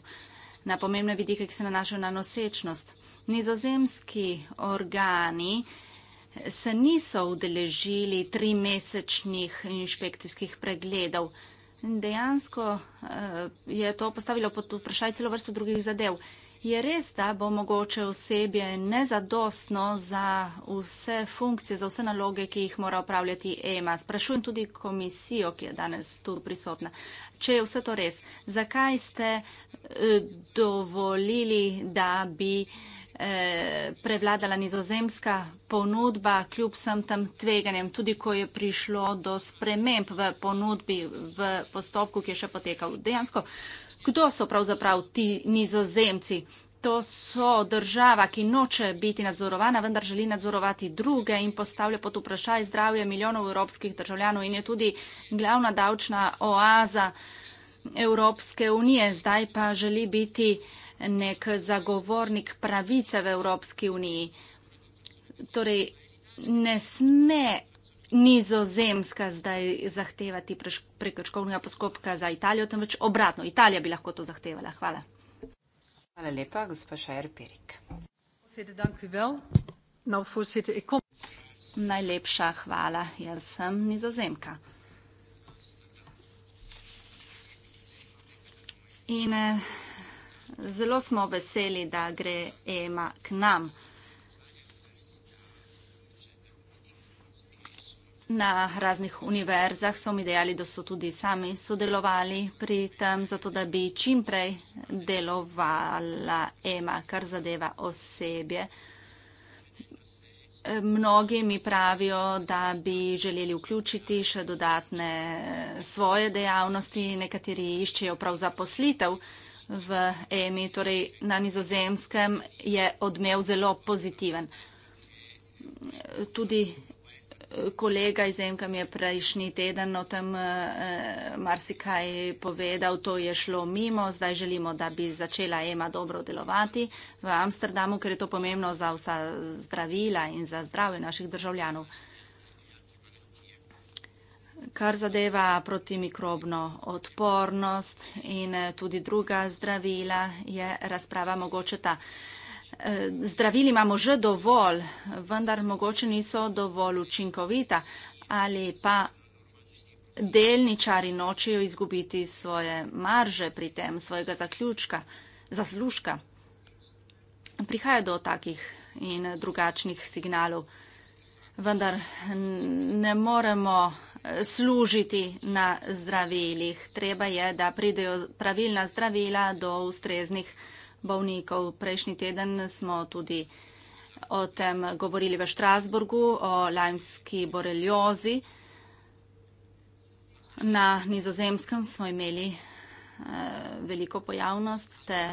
na pomembne vidike, ki se nanašajo na nosečnost. Nizozemski organi eh, se niso udeležili tri mesečnih inšpekcijskih pregledov. Dejansko eh, je to postavilo pod vprašaj celo vrsto drugih zadev. Je res, da bo mogoče osebje nezadostno za vse funkcije, za vse naloge, ki jih mora upravljati EMA. Sprašujem tudi komisijo, ki je danes tu prisotna. Če je vse to res, zakaj ste eh, dovolili, da bi eh, prevladala nizozemska ponudba kljub vsem tem tveganjem, tudi ko je prišlo do sprememb v ponudbi v postopku, ki je še potekal dejansko kdo so pravzaprav ti nizozemci. To so država, ki noče biti nadzorovana, vendar želi nadzorovati druge in postavlja pod vprašaj zdravje milijonov evropskih državljanov in je tudi glavna davčna oaza Evropske unije. Zdaj pa želi biti nek zagovornik pravice v Evropski uniji. Torej, ne sme nizozemska zdaj zahtevati prekrškovnega poskopka za Italijo, temveč obratno. Italija bi lahko to zahtevala. Hvala. Hvala lepa, gospod Šajer Perik. Najlepša hvala, jaz sem nizozemka. In eh, zelo smo veseli, da gre Ema k nam. Na raznih univerzah so mi dejali, da so tudi sami sodelovali pri tem, zato da bi čim prej delovala EMA, kar zadeva osebje. Mnogi mi pravijo, da bi želeli vključiti še dodatne svoje dejavnosti, nekateri iščejo prav zaposlitev v EMI, torej na nizozemskem je odmev zelo pozitiven. Tudi kolega iz Emka mi je prejšnji teden o tem eh, marsikaj povedal, to je šlo mimo, zdaj želimo, da bi začela Ema dobro delovati v Amsterdamu, ker je to pomembno za vsa zdravila in za zdravje naših državljanov. Kar zadeva protimikrobno odpornost in eh, tudi druga zdravila, je razprava mogoče ta. Eh, zdravili imamo že dovolj, vendar mogoče niso dovolj učinkovita ali pa delničari nočejo izgubiti svoje marže pri tem, svojega zaključka, zaslužka. Prihaja do takih in drugačnih signalov, vendar ne moremo eh, služiti na zdravilih. Treba je, da pridejo pravilna zdravila do ustreznih zdravil bovnikov. Prejšnji teden smo tudi o tem govorili v Štrasburgu, o lajmski boreliozi. Na nizozemskem smo imeli eh, veliko pojavnost te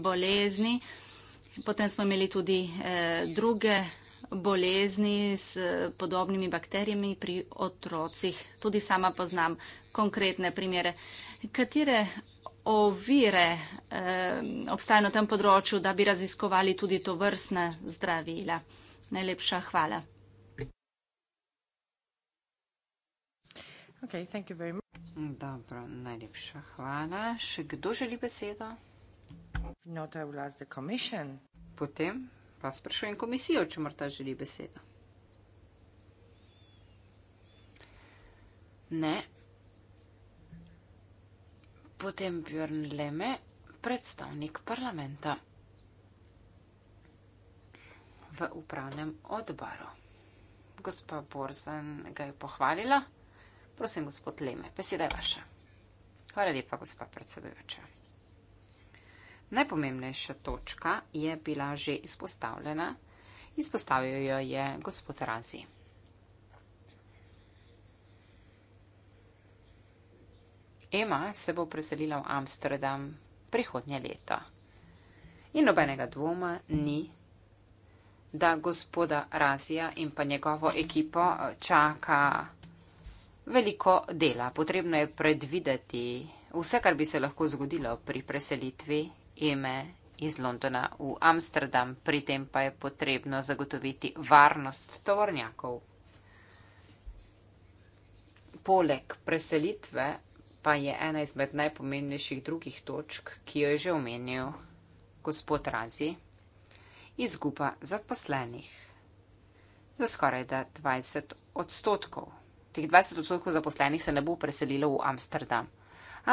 bolezni. Potem smo imeli tudi eh, druge bolezni s eh, podobnimi bakterijami pri otrocih. Tudi sama poznam konkretne primere. Katere ovire eh, obstajajo na tem področju, da bi raziskovali tudi to vrstne zdravila. Najlepša hvala. Okay, thank you very much. Dobro, najlepša hvala. Še kdo želi besedo? Not I will ask the commission. Potem pa sprašujem komisijo, če morda želi besedo. Ne, potem Björn Leme, predstavnik parlamenta v upravnem odboru. Gospa Borzen ga je pohvalila. Prosim, gospod Leme, beseda je vaša. Hvala lepa, gospa predsedujoča. Najpomembnejša točka je bila že izpostavljena. Izpostavil jo je gospod Razi. Ema se bo preselila v Amsterdam prihodnje leto. In nobenega dvoma ni, da gospoda Razija in pa njegovo ekipo čaka veliko dela. Potrebno je predvideti vse, kar bi se lahko zgodilo pri preselitvi Eme iz Londona v Amsterdam, pri tem pa je potrebno zagotoviti varnost tovornjakov. Poleg preselitve pa je ena izmed najpomembnejših drugih točk, ki jo je že omenil gospod Razi, izguba zaposlenih za skoraj da 20 odstotkov. Teh 20 odstotkov zaposlenih se ne bo preselilo v Amsterdam,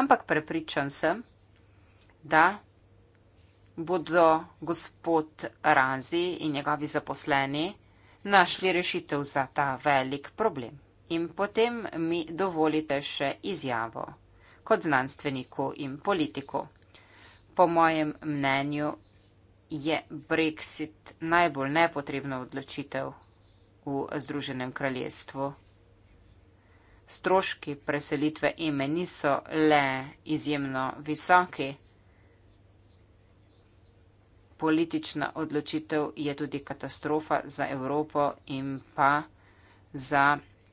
ampak prepričan sem, da bodo gospod Razi in njegovi zaposleni našli rešitev za ta velik problem in potem mi dovolite še izjavo kot znanstveniku in politiku. Po mojem mnenju je Brexit najbolj nepotrebna odločitev v Združenem kraljestvu. Stroški preselitve ime niso le izjemno visoki, politična odločitev je tudi katastrofa za Evropo in pa za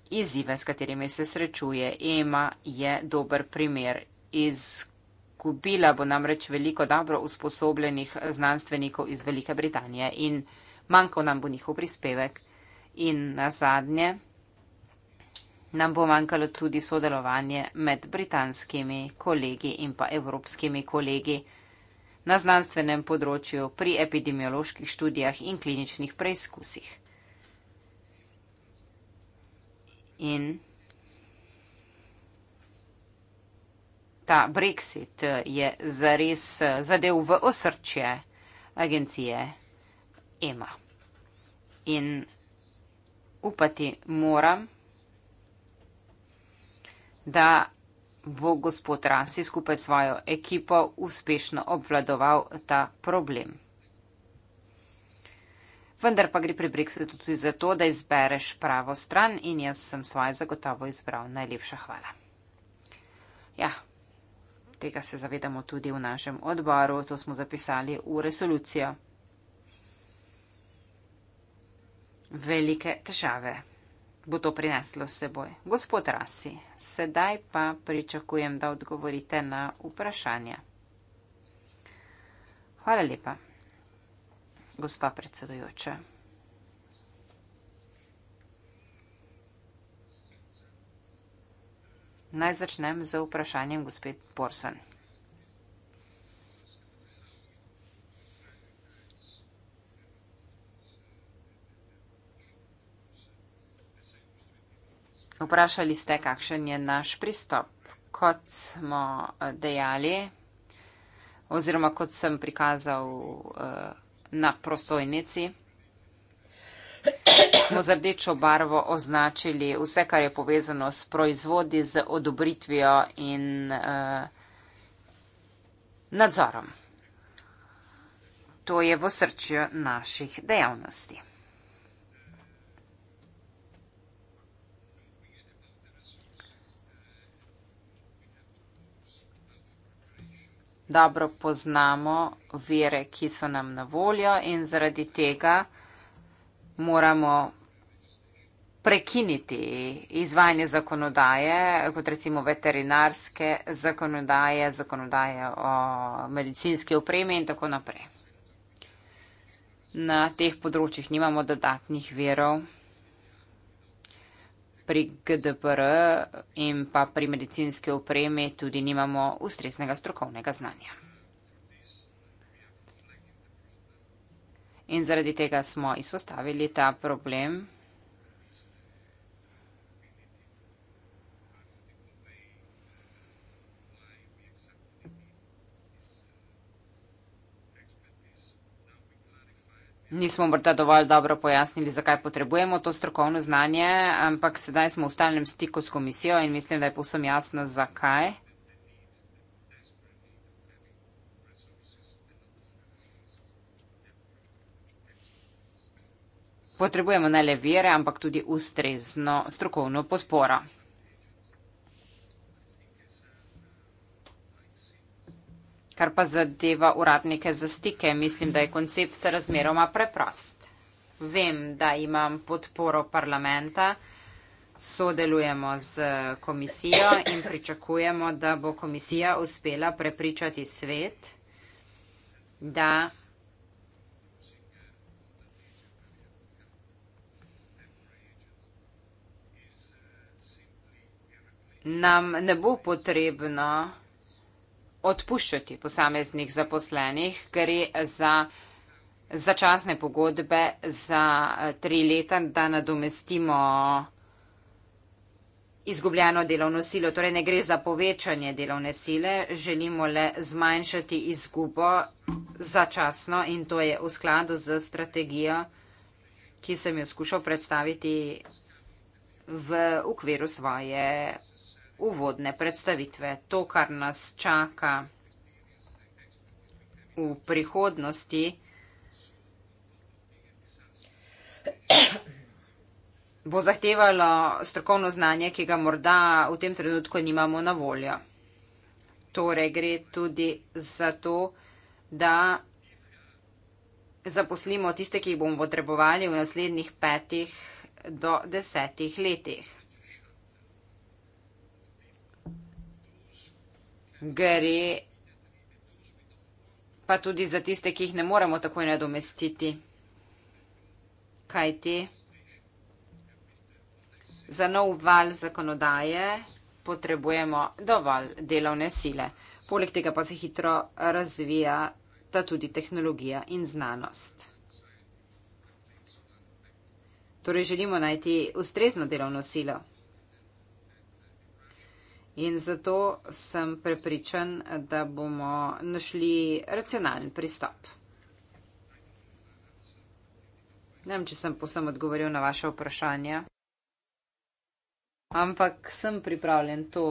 izzive, s katerimi se srečuje. Ema je dober primer. Izgubila bo namreč veliko dobro usposobljenih znanstvenikov iz Velike Britanije in manjkal nam bo njihov prispevek. In na zadnje, nam bo manjkalo tudi sodelovanje med britanskimi kolegi in pa evropskimi kolegi. Na znanstvenem področju pri epidemioloških študijah in kliničnih preizkusih. in ta Brexit eh, je zares eh, zadev v osrčje agencije EMA. In upati moram, da bo gospod Rasi skupaj s svojo ekipo uspešno obvladoval ta problem vendar pa gre pri Brexitu tudi za to, da izbereš pravo stran in jaz sem svoje zagotovo izbral. Najlepša hvala. Ja, tega se zavedamo tudi v našem odboru, to smo zapisali v resolucijo. Velike težave bo to prineslo seboj. Gospod Rasi, sedaj pa pričakujem, da odgovorite na vprašanja. Hvala lepa gospa predsedujoča. Naj začnem z vprašanjem gospod Porsen. Vprašali ste, kakšen je naš pristop. Kot smo eh, dejali, oziroma kot sem prikazal eh, na prosojnici. Smo z rdečo barvo označili vse, kar je povezano s proizvodi, z odobritvijo in uh, nadzorom. To je v srčju naših dejavnosti. dobro poznamo vere, ki so nam na voljo in zaradi tega moramo prekiniti izvajanje zakonodaje, kot recimo veterinarske zakonodaje, zakonodaje o medicinski opremi in tako naprej. Na teh področjih nimamo dodatnih verov pri GDPR in pa pri medicinske opremi tudi nimamo ustresnega strokovnega znanja. In zaradi tega smo izpostavili ta problem Nismo morda dovolj dobro pojasnili, zakaj potrebujemo to strokovno znanje, ampak sedaj smo v stalnem stiku s komisijo in mislim, da je povsem jasno, zakaj. Potrebujemo ne le vire, ampak tudi ustrezno strokovno podporo. Kar pa zadeva uradnike za stike, mislim, da je koncept razmeroma preprost. Vem, da imam podporo parlamenta, sodelujemo z komisijo in pričakujemo, da bo komisija uspela prepričati svet, da. Nam ne bo potrebno odpuščati posameznih zaposlenih, gre za začasne pogodbe za eh, tri leta, da nadomestimo izgubljeno delovno silo. Torej ne gre za povečanje delovne sile, želimo le zmanjšati izgubo začasno in to je v skladu z strategijo, ki sem jo skušal predstaviti v okviru svoje uvodne predstavitve. To, kar nas čaka v prihodnosti, bo zahtevalo strokovno znanje, ki ga morda v tem trenutku nimamo na voljo. Torej gre tudi za to, da zaposlimo tiste, ki jih bomo potrebovali v naslednjih petih do desetih letih. gre pa tudi za tiste, ki jih ne moremo takoj nadomestiti. Kaj ti? Za nov val zakonodaje potrebujemo dovolj delovne sile. Poleg tega pa se hitro razvija ta tudi tehnologija in znanost. Torej želimo najti ustrezno delovno silo. In zato sem prepričan, da bomo našli racionalen pristop. Ne vem, če sem posem odgovoril na vaše vprašanje, ampak sem pripravljen to,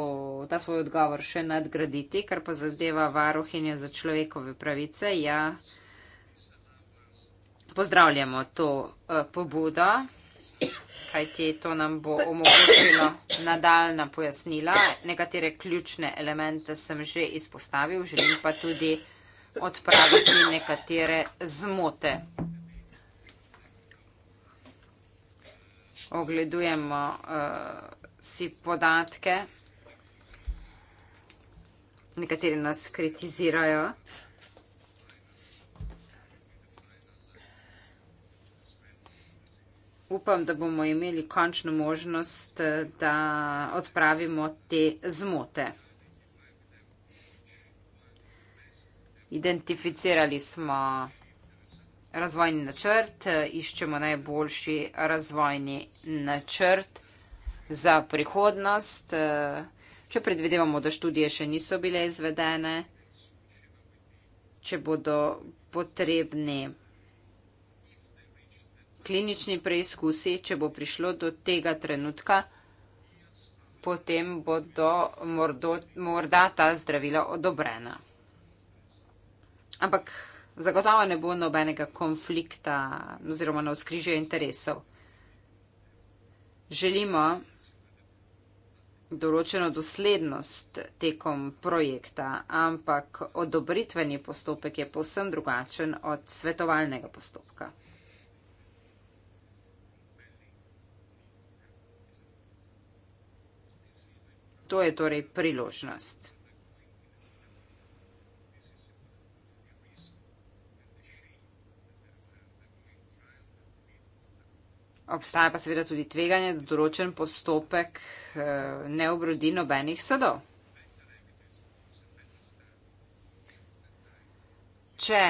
ta svoj odgovor še nadgraditi, kar pa zadeva varuhinje za človekove pravice. Ja, pozdravljamo to uh, pobudo kajti to nam bo omogočilo nadaljna pojasnila. Nekatere ključne elemente sem že izpostavil, želim pa tudi odpraviti nekatere zmote. Ogledujemo uh, si podatke. Nekateri nas kritizirajo. upam, da bomo imeli končno možnost, eh, da odpravimo te zmote. Identificirali smo razvojni načrt, eh, iščemo najboljši razvojni načrt za prihodnost, eh, če predvidevamo, da študije še niso bile izvedene, če bodo potrebni načrti, klinični preizkusi, če bo prišlo do tega trenutka, potem bodo mordo, morda ta zdravila odobrena. Ampak zagotovo ne bo nobenega konflikta oziroma na skrižju interesov. Želimo določeno doslednost tekom projekta, ampak odobritveni postopek je povsem drugačen od svetovalnega postopka. To je torej priložnost. Obstaja pa seveda tudi tveganje, da določen postopek eh, ne obrodi nobenih sadov. Če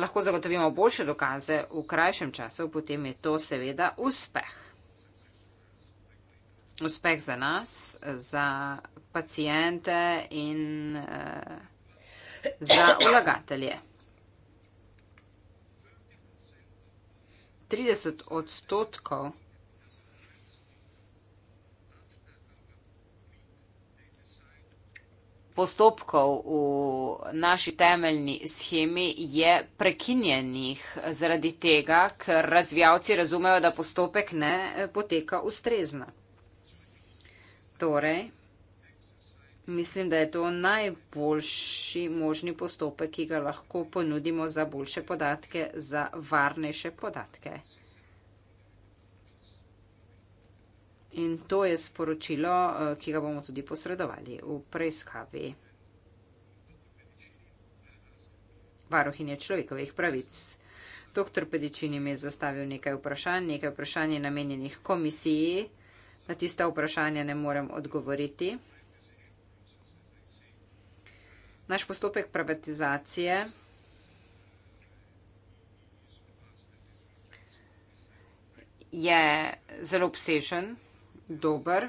lahko zagotovimo boljše dokaze v krajšem času, potem je to seveda uspeh uspeh za nas, za pacijente in eh, za vlagatelje. 30 odstotkov postopkov v naši temeljni schemi je prekinjenih zaradi tega, ker razvijalci razumejo, da postopek ne poteka ustrezno. Torej, mislim, da je to najboljši možni postopek, ki ga lahko ponudimo za boljše podatke, za varnejše podatke. In to je sporočilo, eh, ki ga bomo tudi posredovali v preiskavi. Varohinje človekovih pravic. Dr. Pedičini mi je zastavil nekaj vprašanj, nekaj vprašanj je namenjenih komisiji na tista vprašanja ne morem odgovoriti. Naš postopek privatizacije je zelo obsežen, dober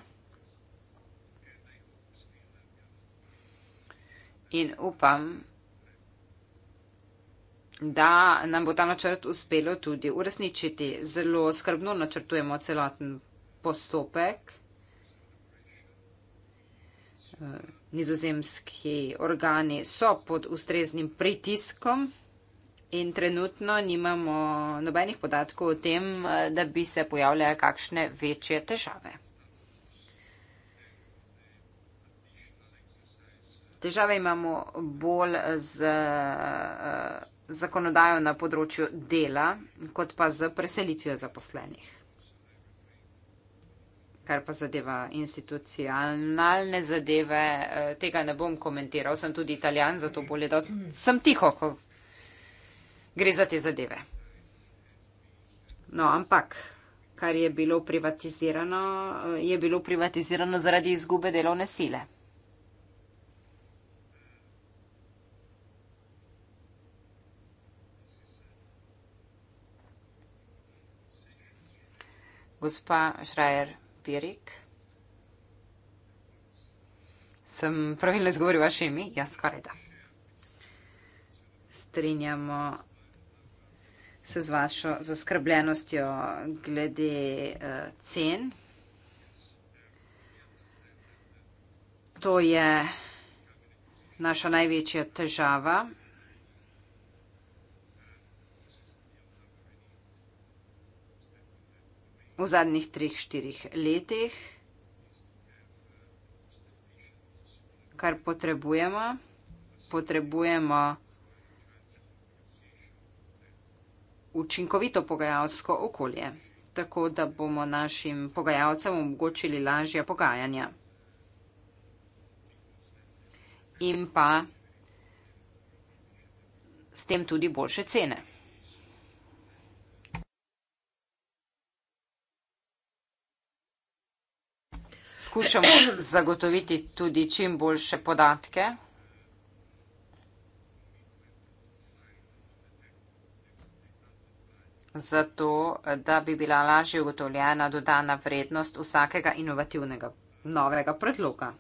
in upam, da nam bo ta načrt uspelo tudi uresničiti. Zelo skrbno načrtujemo celoten postopek. Nizozemski organi so pod ustreznim pritiskom in trenutno nimamo nobenih podatkov o tem, da bi se pojavljale kakšne večje težave. Težave imamo bolj z eh, zakonodajo na področju dela, kot pa z preselitvijo zaposlenih kar pa zadeva institucionalne zadeve, eh, tega ne bom komentiral. Sem tudi italijan, zato bolje, da sem tiho, ko gre za te zadeve. No, ampak, kar je bilo privatizirano, eh, je bilo privatizirano zaradi izgube delovne sile. Gospa Schreier. Pirik. Sem pravilno izgovoril vaše ime? Ja, skoraj da. Strinjamo se z vašo zaskrbljenostjo glede uh, cen. To je naša največja težava. v zadnjih treh, štirih letih, kar potrebujemo. Potrebujemo učinkovito pogajalsko okolje, tako da bomo našim pogajalcem omogočili lažja pogajanja. In pa s tem tudi boljše cene. skušamo zagotoviti tudi čim boljše podatke. Zato, da bi bila lažje ugotovljena dodana vrednost vsakega inovativnega novega predloga.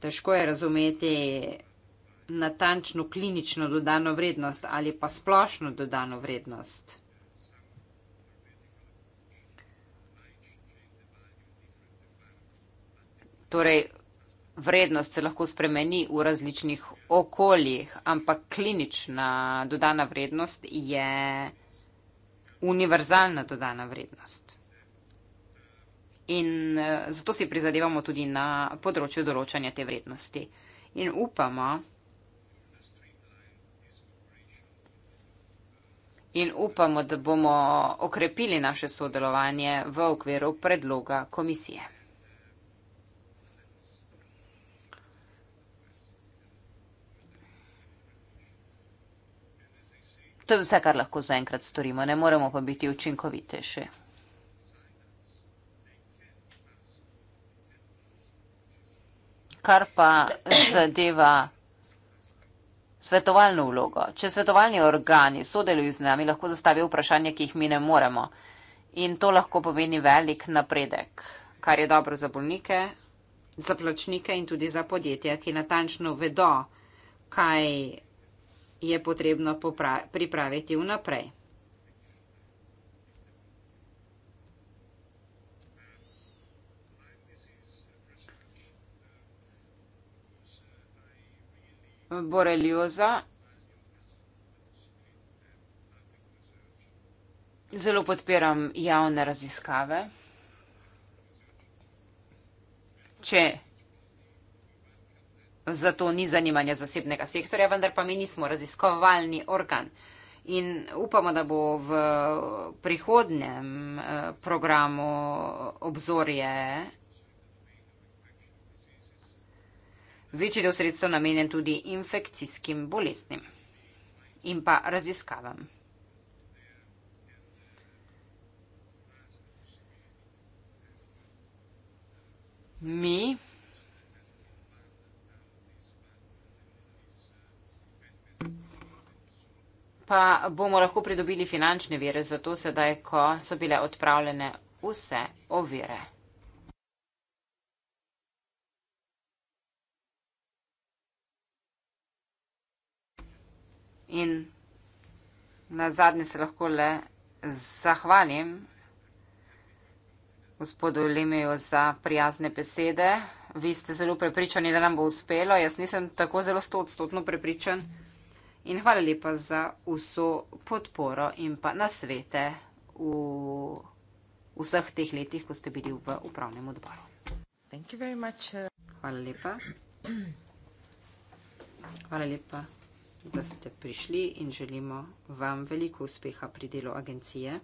Težko je razumeti natančno klinično dodano vrednost ali pa splošno dodano vrednost. torej vrednost se lahko spremeni v različnih okoljih, ampak klinična dodana vrednost je univerzalna dodana vrednost. In eh, zato si prizadevamo tudi na področju določanja te vrednosti. In upamo, in upamo, da bomo okrepili naše sodelovanje v okviru predloga komisije. To je vse, kar lahko zaenkrat storimo, ne moremo pa biti učinkovitejši. Kar pa zadeva svetovalno vlogo. Če svetovalni organi sodelujo z nami, lahko zastavijo vprašanja, ki jih mi ne moremo. In to lahko pomeni velik napredek, kar je dobro za bolnike, za plačnike in tudi za podjetja, ki natančno vedo, kaj je potrebno pripraviti vnaprej. Borelioza. Zelo podpiram javne raziskave. Če Zato ni zanimanja zasebnega sektorja, vendar pa mi nismo raziskovalni organ. In upamo, da bo v prihodnem eh, programu obzorje večji del sredstva namenjen tudi infekcijskim boleznim in pa raziskavam. Mi pa bomo lahko pridobili finančne vire za to sedaj, ko so bile odpravljene vse ovire. In na zadnje se lahko le zahvalim gospodu Lemeju za prijazne besede. Vi ste zelo prepričani, da nam bo uspelo. Jaz nisem tako zelo stotstotno prepričan. Mm -hmm. In hvala lepa za vso podporo in pa nasvete v vseh teh letih, ko ste bili v upravnem odboru. Thank you very much. Uh, hvala lepa. Hvala lepa, da ste prišli in želimo vam veliko uspeha pri delu agencije.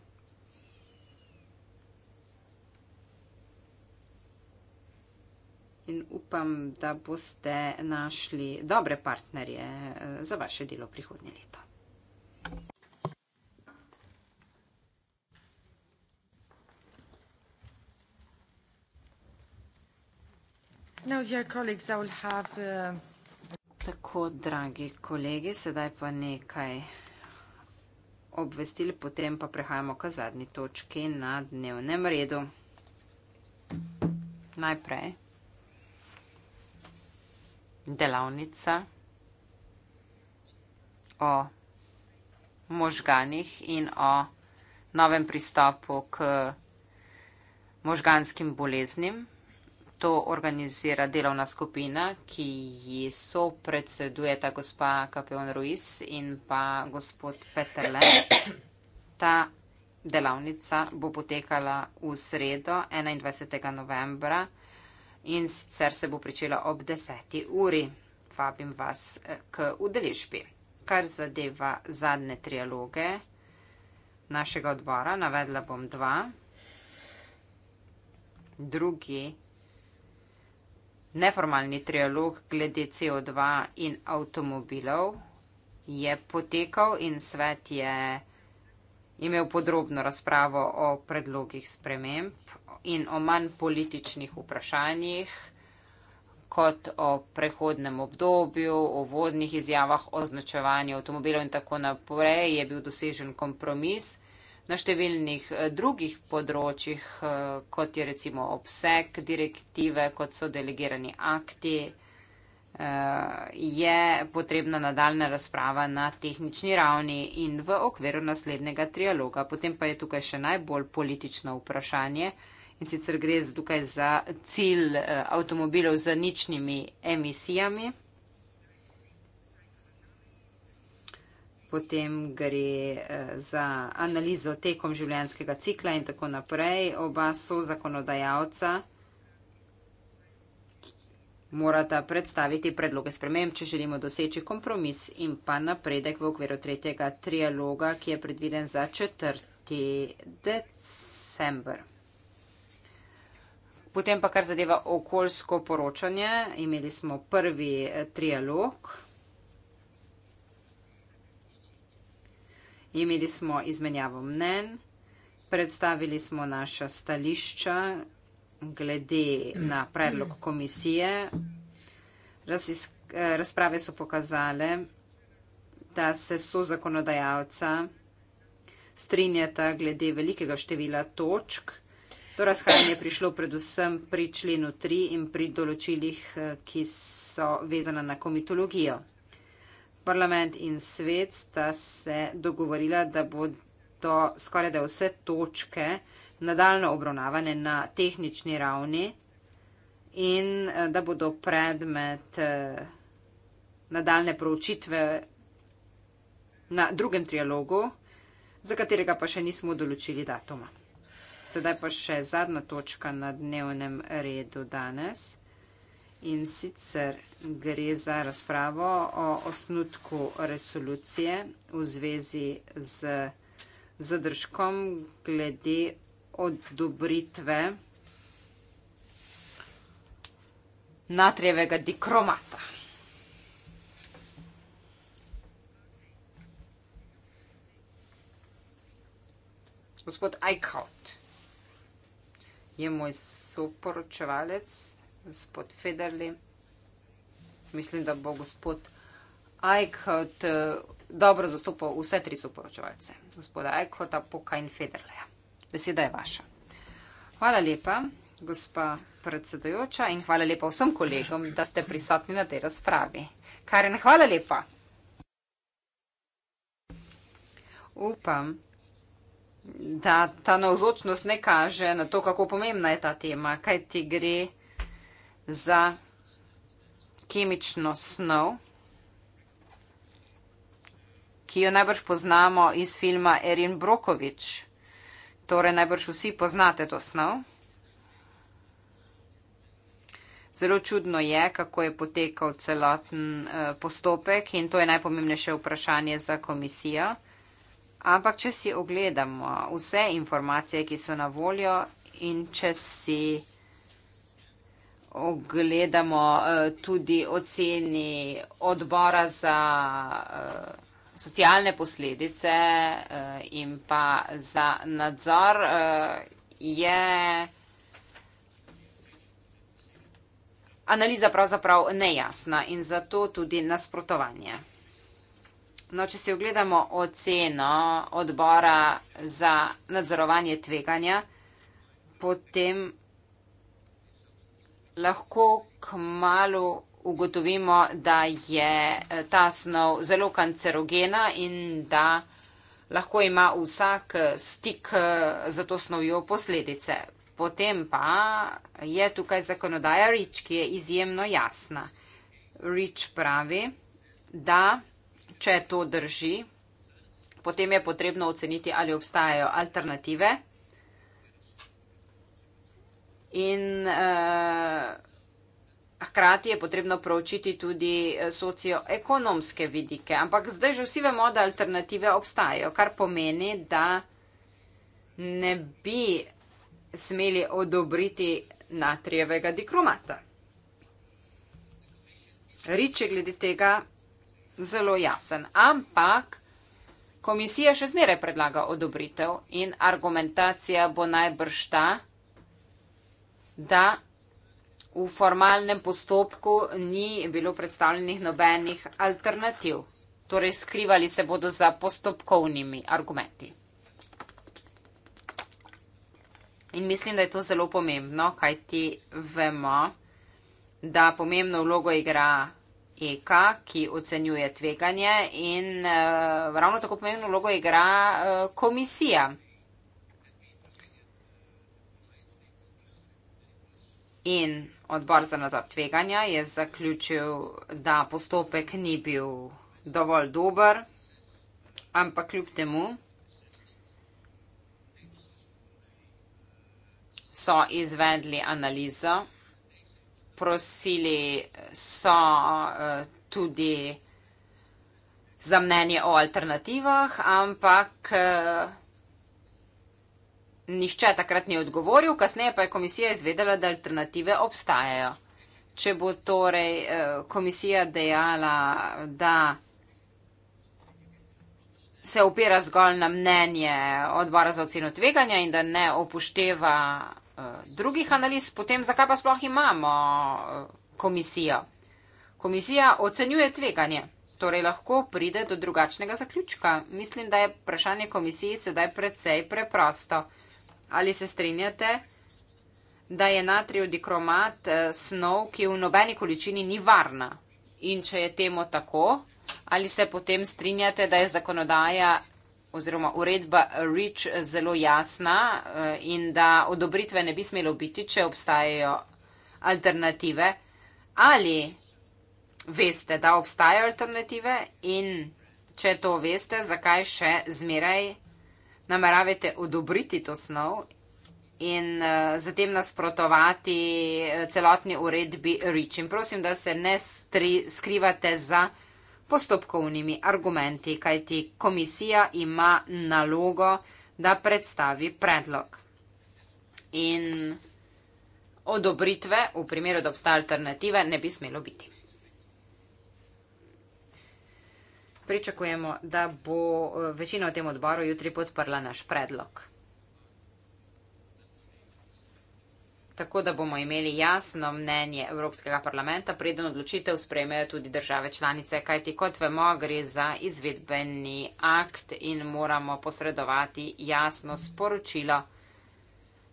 in upam, da boste našli dobre partnerje eh, za vaše delo prihodnje leto. Now, colleagues, I will have, uh... Tako, dragi kolegi, sedaj pa nekaj obvestil, potem pa prehajamo k zadnji točki na dnevnem redu. Najprej delavnica o možganih in o novem pristopu k možganskim boleznim. To organizira delovna skupina, ki ji so predseduje ta gospa Kapeon Ruiz in pa gospod Peterle. Ta delavnica bo potekala v sredo 21. novembra in sicer se bo pričela ob 10. uri. Vabim vas eh, k udeležbi. Kar zadeva zadnje trialoge našega odbora, navedla bom dva. Drugi neformalni trialog glede CO2 in avtomobilov je potekal in svet je imel podrobno razpravo o predlogih sprememb in o manj političnih vprašanjih, kot o prehodnem obdobju, o vodnih izjavah, o označevanju avtomobilov in tako naprej, je bil dosežen kompromis. Na številnih eh, drugih področjih, eh, kot je recimo obseg direktive, kot so delegirani akti, eh, je potrebna nadaljna razprava na tehnični ravni in v okviru naslednjega trialoga. Potem pa je tukaj še najbolj politično vprašanje, in sicer gre tukaj za cilj eh, avtomobilov z ničnimi emisijami. Potem gre eh, za analizo tekom življenjskega cikla in tako naprej. Oba so zakonodajalca, morata predstaviti predloge sprememb, če želimo doseči kompromis in pa napredek v okviru tretjega trialoga, ki je predviden za 4. december. Potem pa kar zadeva okoljsko poročanje, imeli smo prvi eh, trialog. Imeli smo izmenjavo mnen, predstavili smo naša stališča glede na predlog komisije. Eh, razprave so pokazale, da se so zakonodajalca strinjata glede velikega števila točk, Do razhajanja je prišlo predvsem pri členu 3 in pri določilih, eh, ki so vezana na komitologijo. Parlament in svet sta se dogovorila, da bodo skoraj da vse točke nadaljno obravnavane na tehnični ravni in eh, da bodo predmet eh, nadaljne proučitve na drugem trialogu, za katerega pa še nismo določili datuma. Sedaj pa še zadnja točka na dnevnem redu danes. In sicer gre za razpravo o osnutku resolucije v zvezi z zadržkom glede odobritve natrijevega dikromata. Gospod Eichhardt je moj soporočevalec, gospod Federli. Mislim, da bo gospod Eichhout eh, dobro zastopal vse tri soporočevalce, gospoda Eichhouta, Poka in Federleja. Beseda je vaša. Hvala lepa, gospa predsedojoča, in hvala lepa vsem kolegom, da ste prisotni na tej razpravi. Karen, hvala lepa. Upam da ta navzočnost ne kaže na to, kako pomembna je ta tema, kaj ti gre za kemično snov, ki jo najbrž poznamo iz filma Erin Brokovič. Torej, najbrž vsi poznate to snov. Zelo čudno je, kako je potekal celoten eh, postopek in to je najpomembnejše vprašanje za komisijo. Ampak, če si ogledamo vse informacije, ki so na voljo in če si ogledamo eh, tudi oceni odbora za eh, socialne posledice eh, in pa za nadzor, je analiza pravzaprav nejasna in zato tudi nasprotovanje. No, če si ogledamo oceno odbora za nadzorovanje tveganja, potem lahko k malu ugotovimo, da je eh, ta snov zelo kancerogena in da lahko ima vsak eh, stik eh, za to snovjo posledice. Potem pa je tukaj zakonodaja REACH, ki je izjemno jasna. REACH pravi, da če to drži, potem je potrebno oceniti, ali obstajajo alternative. In eh, hkrati je potrebno pravčiti tudi eh, socioekonomske vidike. Ampak zdaj že vsi vemo, da alternative obstajajo, kar pomeni, da ne bi smeli odobriti natrijevega dikromata. Riče glede tega zelo jasen. Ampak komisija še zmeraj predlaga odobritev in argumentacija bo najbrž ta, da v formalnem postopku ni bilo predstavljenih nobenih alternativ. Torej skrivali se bodo za postopkovnimi argumenti. In mislim, da je to zelo pomembno, kaj ti vemo, da pomembno vlogo igra Eka, ki ocenjuje tveganje in uh, ravno tako pomembno vlogo igra uh, komisija. In odbor za nadzor tveganja je zaključil, da postopek ni bil dovolj dober, ampak kljub temu so izvedli analizo prosili so eh, tudi za mnenje o alternativah, ampak eh, nišče takrat ni odgovoril, kasneje pa je komisija izvedela, da alternative obstajajo. Če bo torej eh, komisija dejala, da se opira zgolj na mnenje odbora za oceno tveganja in da ne upošteva Eh, drugih analiz, potem zakaj pa sploh imamo eh, komisijo? Komisija ocenjuje tveganje, torej lahko pride do drugačnega zaključka. Mislim, da je vprašanje komisiji sedaj precej preprosto. Ali se strinjate, da je natrijev dikromat eh, snov, ki v nobeni količini ni varna? In če je temu tako, ali se potem strinjate, da je zakonodaja oziroma uredba REACH zelo jasna eh, in da odobritve ne bi smelo biti, če obstajajo alternative. Ali veste, da obstajajo alternative in če to veste, zakaj še zmeraj nameravate odobriti to snov in eh, zatem nasprotovati eh, celotni uredbi REACH. In prosim, da se ne skrivate za odobritve postopkovnimi argumenti, kajti komisija ima nalogo, da predstavi predlog. In odobritve v primeru, da obstaja alternative, ne bi smelo biti. Pričakujemo, da bo eh, večina v tem odboru jutri podprla naš predlog. tako da bomo imeli jasno mnenje Evropskega parlamenta, preden odločitev sprejmejo tudi države članice, kajti kot vemo, gre za izvedbeni akt in moramo posredovati jasno sporočilo.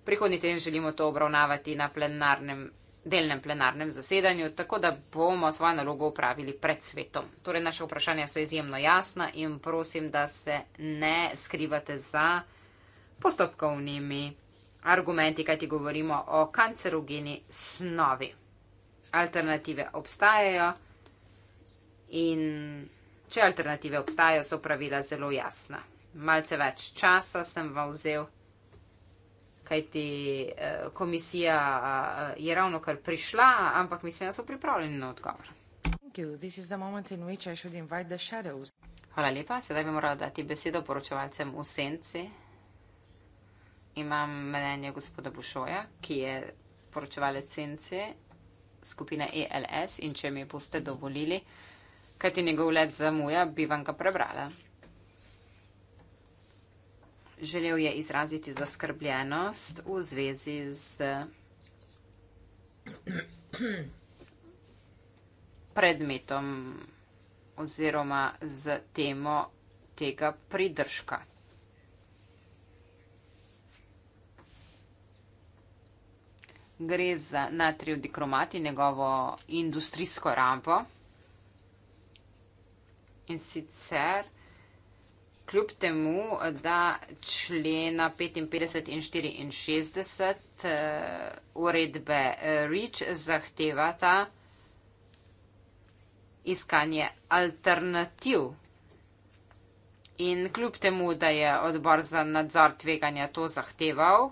Prihodni teden želimo to obravnavati na plenarnem, delnem plenarnem zasedanju, tako da bomo svojo nalogo upravili pred svetom. Torej, naše vprašanja so izjemno jasna in prosim, da se ne skrivate za postopkovnimi argumenti, kaj ti govorimo o kancerogeni snovi. Alternative obstajajo in če alternative obstajajo, so pravila zelo jasna. Malce več časa sem vam vzel, kajti eh, komisija eh, je ravno kar prišla, ampak mislim, da so pripravljeni na odgovor. Hvala lepa, sedaj bi morala dati besedo poročevalcem v senci imam mnenje gospoda Bušoja, ki je poročevalec Sence skupine ELS in če mi boste dovolili, kaj ti njegov let zamuja, bi vam ga prebrala. Želel je izraziti zaskrbljenost v zvezi z predmetom oziroma z temo tega pridržka. gre za natrijev dikromat in njegovo industrijsko rampo. In sicer kljub temu, da člena 55 in 64 eh, uredbe eh, REACH zahtevata iskanje alternativ. In kljub temu, da je odbor za nadzor tveganja to zahteval,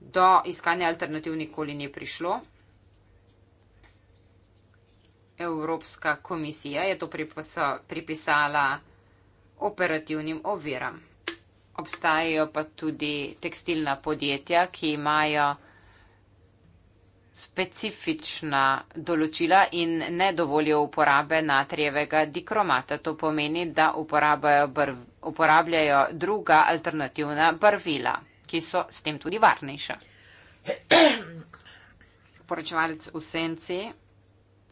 do iskanja alternativ nikoli ni prišlo. Evropska komisija je to pripisala operativnim oviram. Obstajajo pa tudi tekstilna podjetja, ki imajo specifična določila in ne dovolijo uporabe natrijevega dikromata. To pomeni, da uporabljajo, uporabljajo druga alternativna barvila ki so s tem tudi varnejša. Poročevalec v senci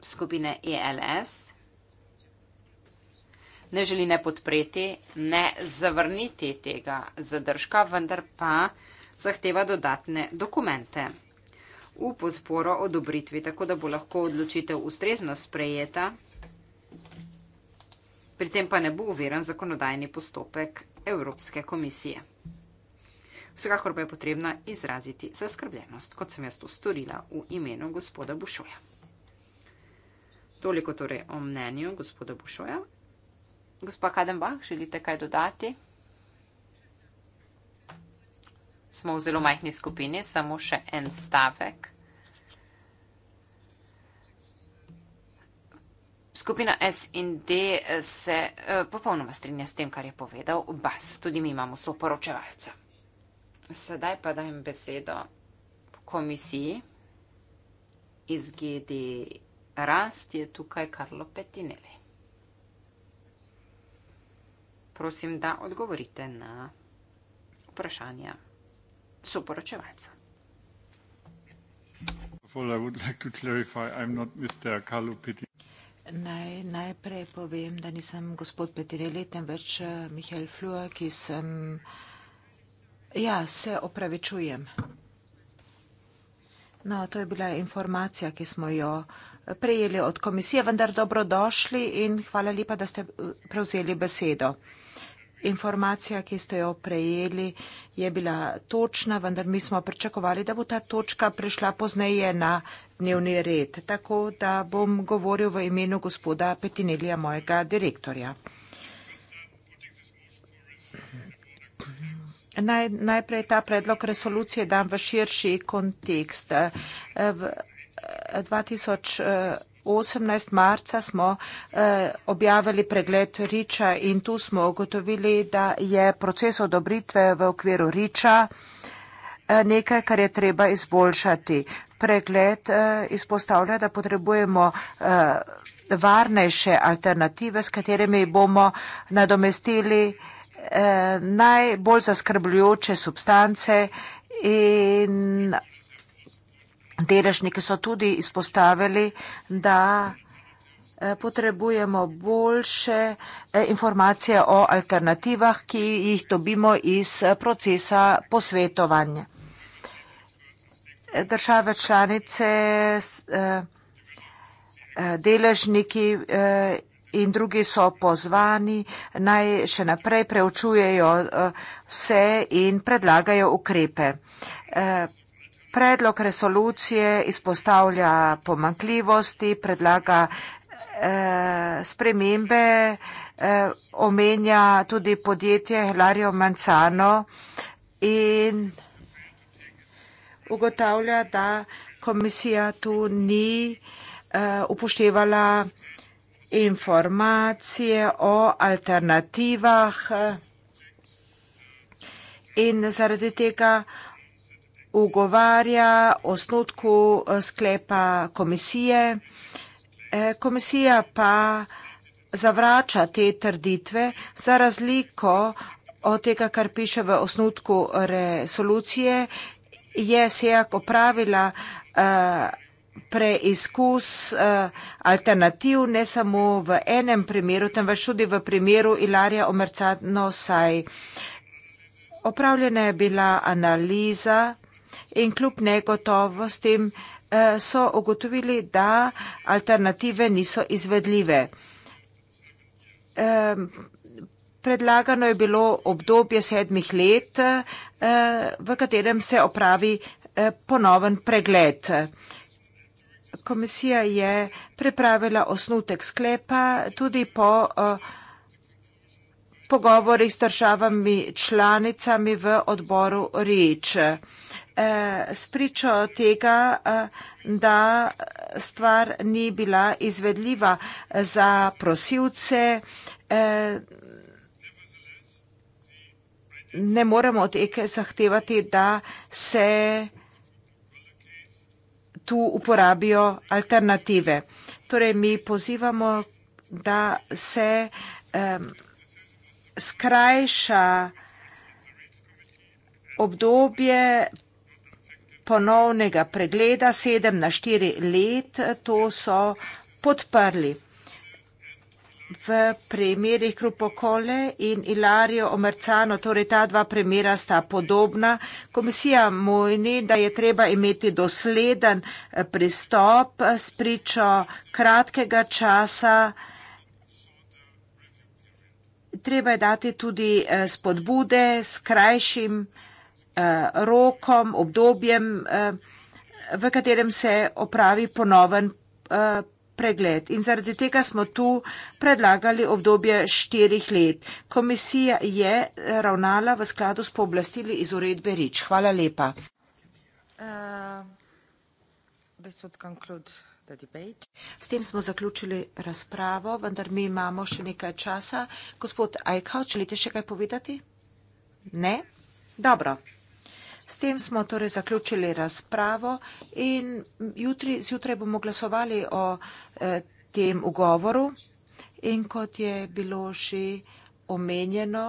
skupine ELS ne želi ne podpreti, ne zavrniti tega zadržka, vendar pa zahteva dodatne dokumente v podporo odobritvi, tako da bo lahko odločitev ustrezno sprejeta, pri tem pa ne bo uveren zakonodajni postopek Evropske komisije. Vsekakor pa je potrebna izraziti zaskrbljenost, kot sem jaz to storila v imenu gospoda Bušoja. Toliko torej o mnenju gospoda Bušoja. Gospa Kadenbach, želite kaj dodati? Smo v zelo majhni skupini, samo še en stavek. Skupina S in D se eh, popolnoma strinja s tem, kar je povedal Bas. Tudi mi imamo soporočevalca. Sedaj pa dajem besedo komisiji iz GD Rast je tukaj Karlo Petinelli. Prosim, da odgovorite na vprašanja soporočevalca. Naj najprej povem, da nisem gospod Petinelli, temveč eh, Mihael Flua, ki sem. Um, Ja, se opravičujem. No, to je bila informacija, ki smo jo prejeli od komisije, vendar dobrodošli in hvala lepa, da ste eh, prevzeli besedo. Informacija, ki ste jo prejeli, je bila točna, vendar mi smo pričakovali, da bo ta točka prišla pozneje na dnevni red. Tako da bom govoril v imenu gospoda Petinelija, mojega direktorja. Naj, najprej ta predlog resolucije dam v širši kontekst. V 2018. Eh, marca smo eh, objavili pregled Riča in tu smo ugotovili, da je proces odobritve v okviru Riča eh, nekaj, kar je treba izboljšati. Pregled izpostavlja, da potrebujemo varnejše alternative, s katerimi bomo nadomestili najbolj zaskrbljujoče substance in deležniki so tudi izpostavili, da eh, potrebujemo boljše eh, informacije o alternativah, ki jih dobimo iz eh, procesa posvetovanja. Države članice, deležniki in drugi so pozvani, naj še naprej preučujejo eh, vse in predlagajo ukrepe. Eh, predlog resolucije izpostavlja pomankljivosti, predlaga eh, spremembe, omenja tudi podjetje Hilario Manzano in ugotavlja, da komisija tu ni upoštevala informacije o alternativah in zaradi tega ugovarja osnotku eh, sklepa komisije. Eh, komisija pa zavrača te trditve za razliko od tega, kar piše v osnotku resolucije, je SEAK opravila eh, preizkus eh, alternativ, ne samo v enem primeru, temveč tudi v primeru Ilarja Omercano Saj. Opravljena je bila analiza in kljub negotovostim eh, so ugotovili, da alternative niso izvedljive. Predlagano je bilo obdobje sedmih let, eh, v katerem se opravi ponoven pregled. Komisija je pripravila osnutek sklepa tudi po eh, pogovorih s državami članicami v odboru REACH. Spričo tega, eh, da stvar ni bila izvedljiva za prosilce, eh, ne moremo od EKE e zahtevati, da se vsega tu uporabijo alternative. Torej, mi pozivamo, da se um, skrajša obdobje ponovnega pregleda sedem na štiri let, to so podprli v primerih Krupokole in Ilario Omercano, torej ta dva primera sta podobna. Komisija mojni, da je treba imeti dosleden eh, pristop s pričo kratkega časa. Treba je dati tudi eh, spodbude s krajšim eh, rokom, obdobjem, v katerem se opravi ponoven pristop pregled in zaradi tega smo tu predlagali obdobje štirih let. Komisija je eh, ravnala v skladu s pooblastili iz uredbe Rič. Hvala lepa. Uh, s tem smo zaključili razpravo, vendar mi imamo še nekaj časa. Gospod Ajkao, želite še kaj povedati? Ne? Dobro. S tem smo torej zaključili razpravo in jutri, zjutraj bomo glasovali o eh, tem ugovoru in kot je bilo že omenjeno,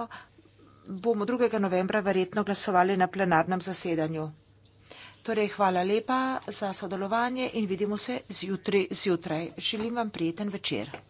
bomo 2. novembra verjetno glasovali na plenarnem zasedanju. Torej, hvala lepa za sodelovanje in vidimo se zjutraj zjutraj. Želim vam prijeten večer.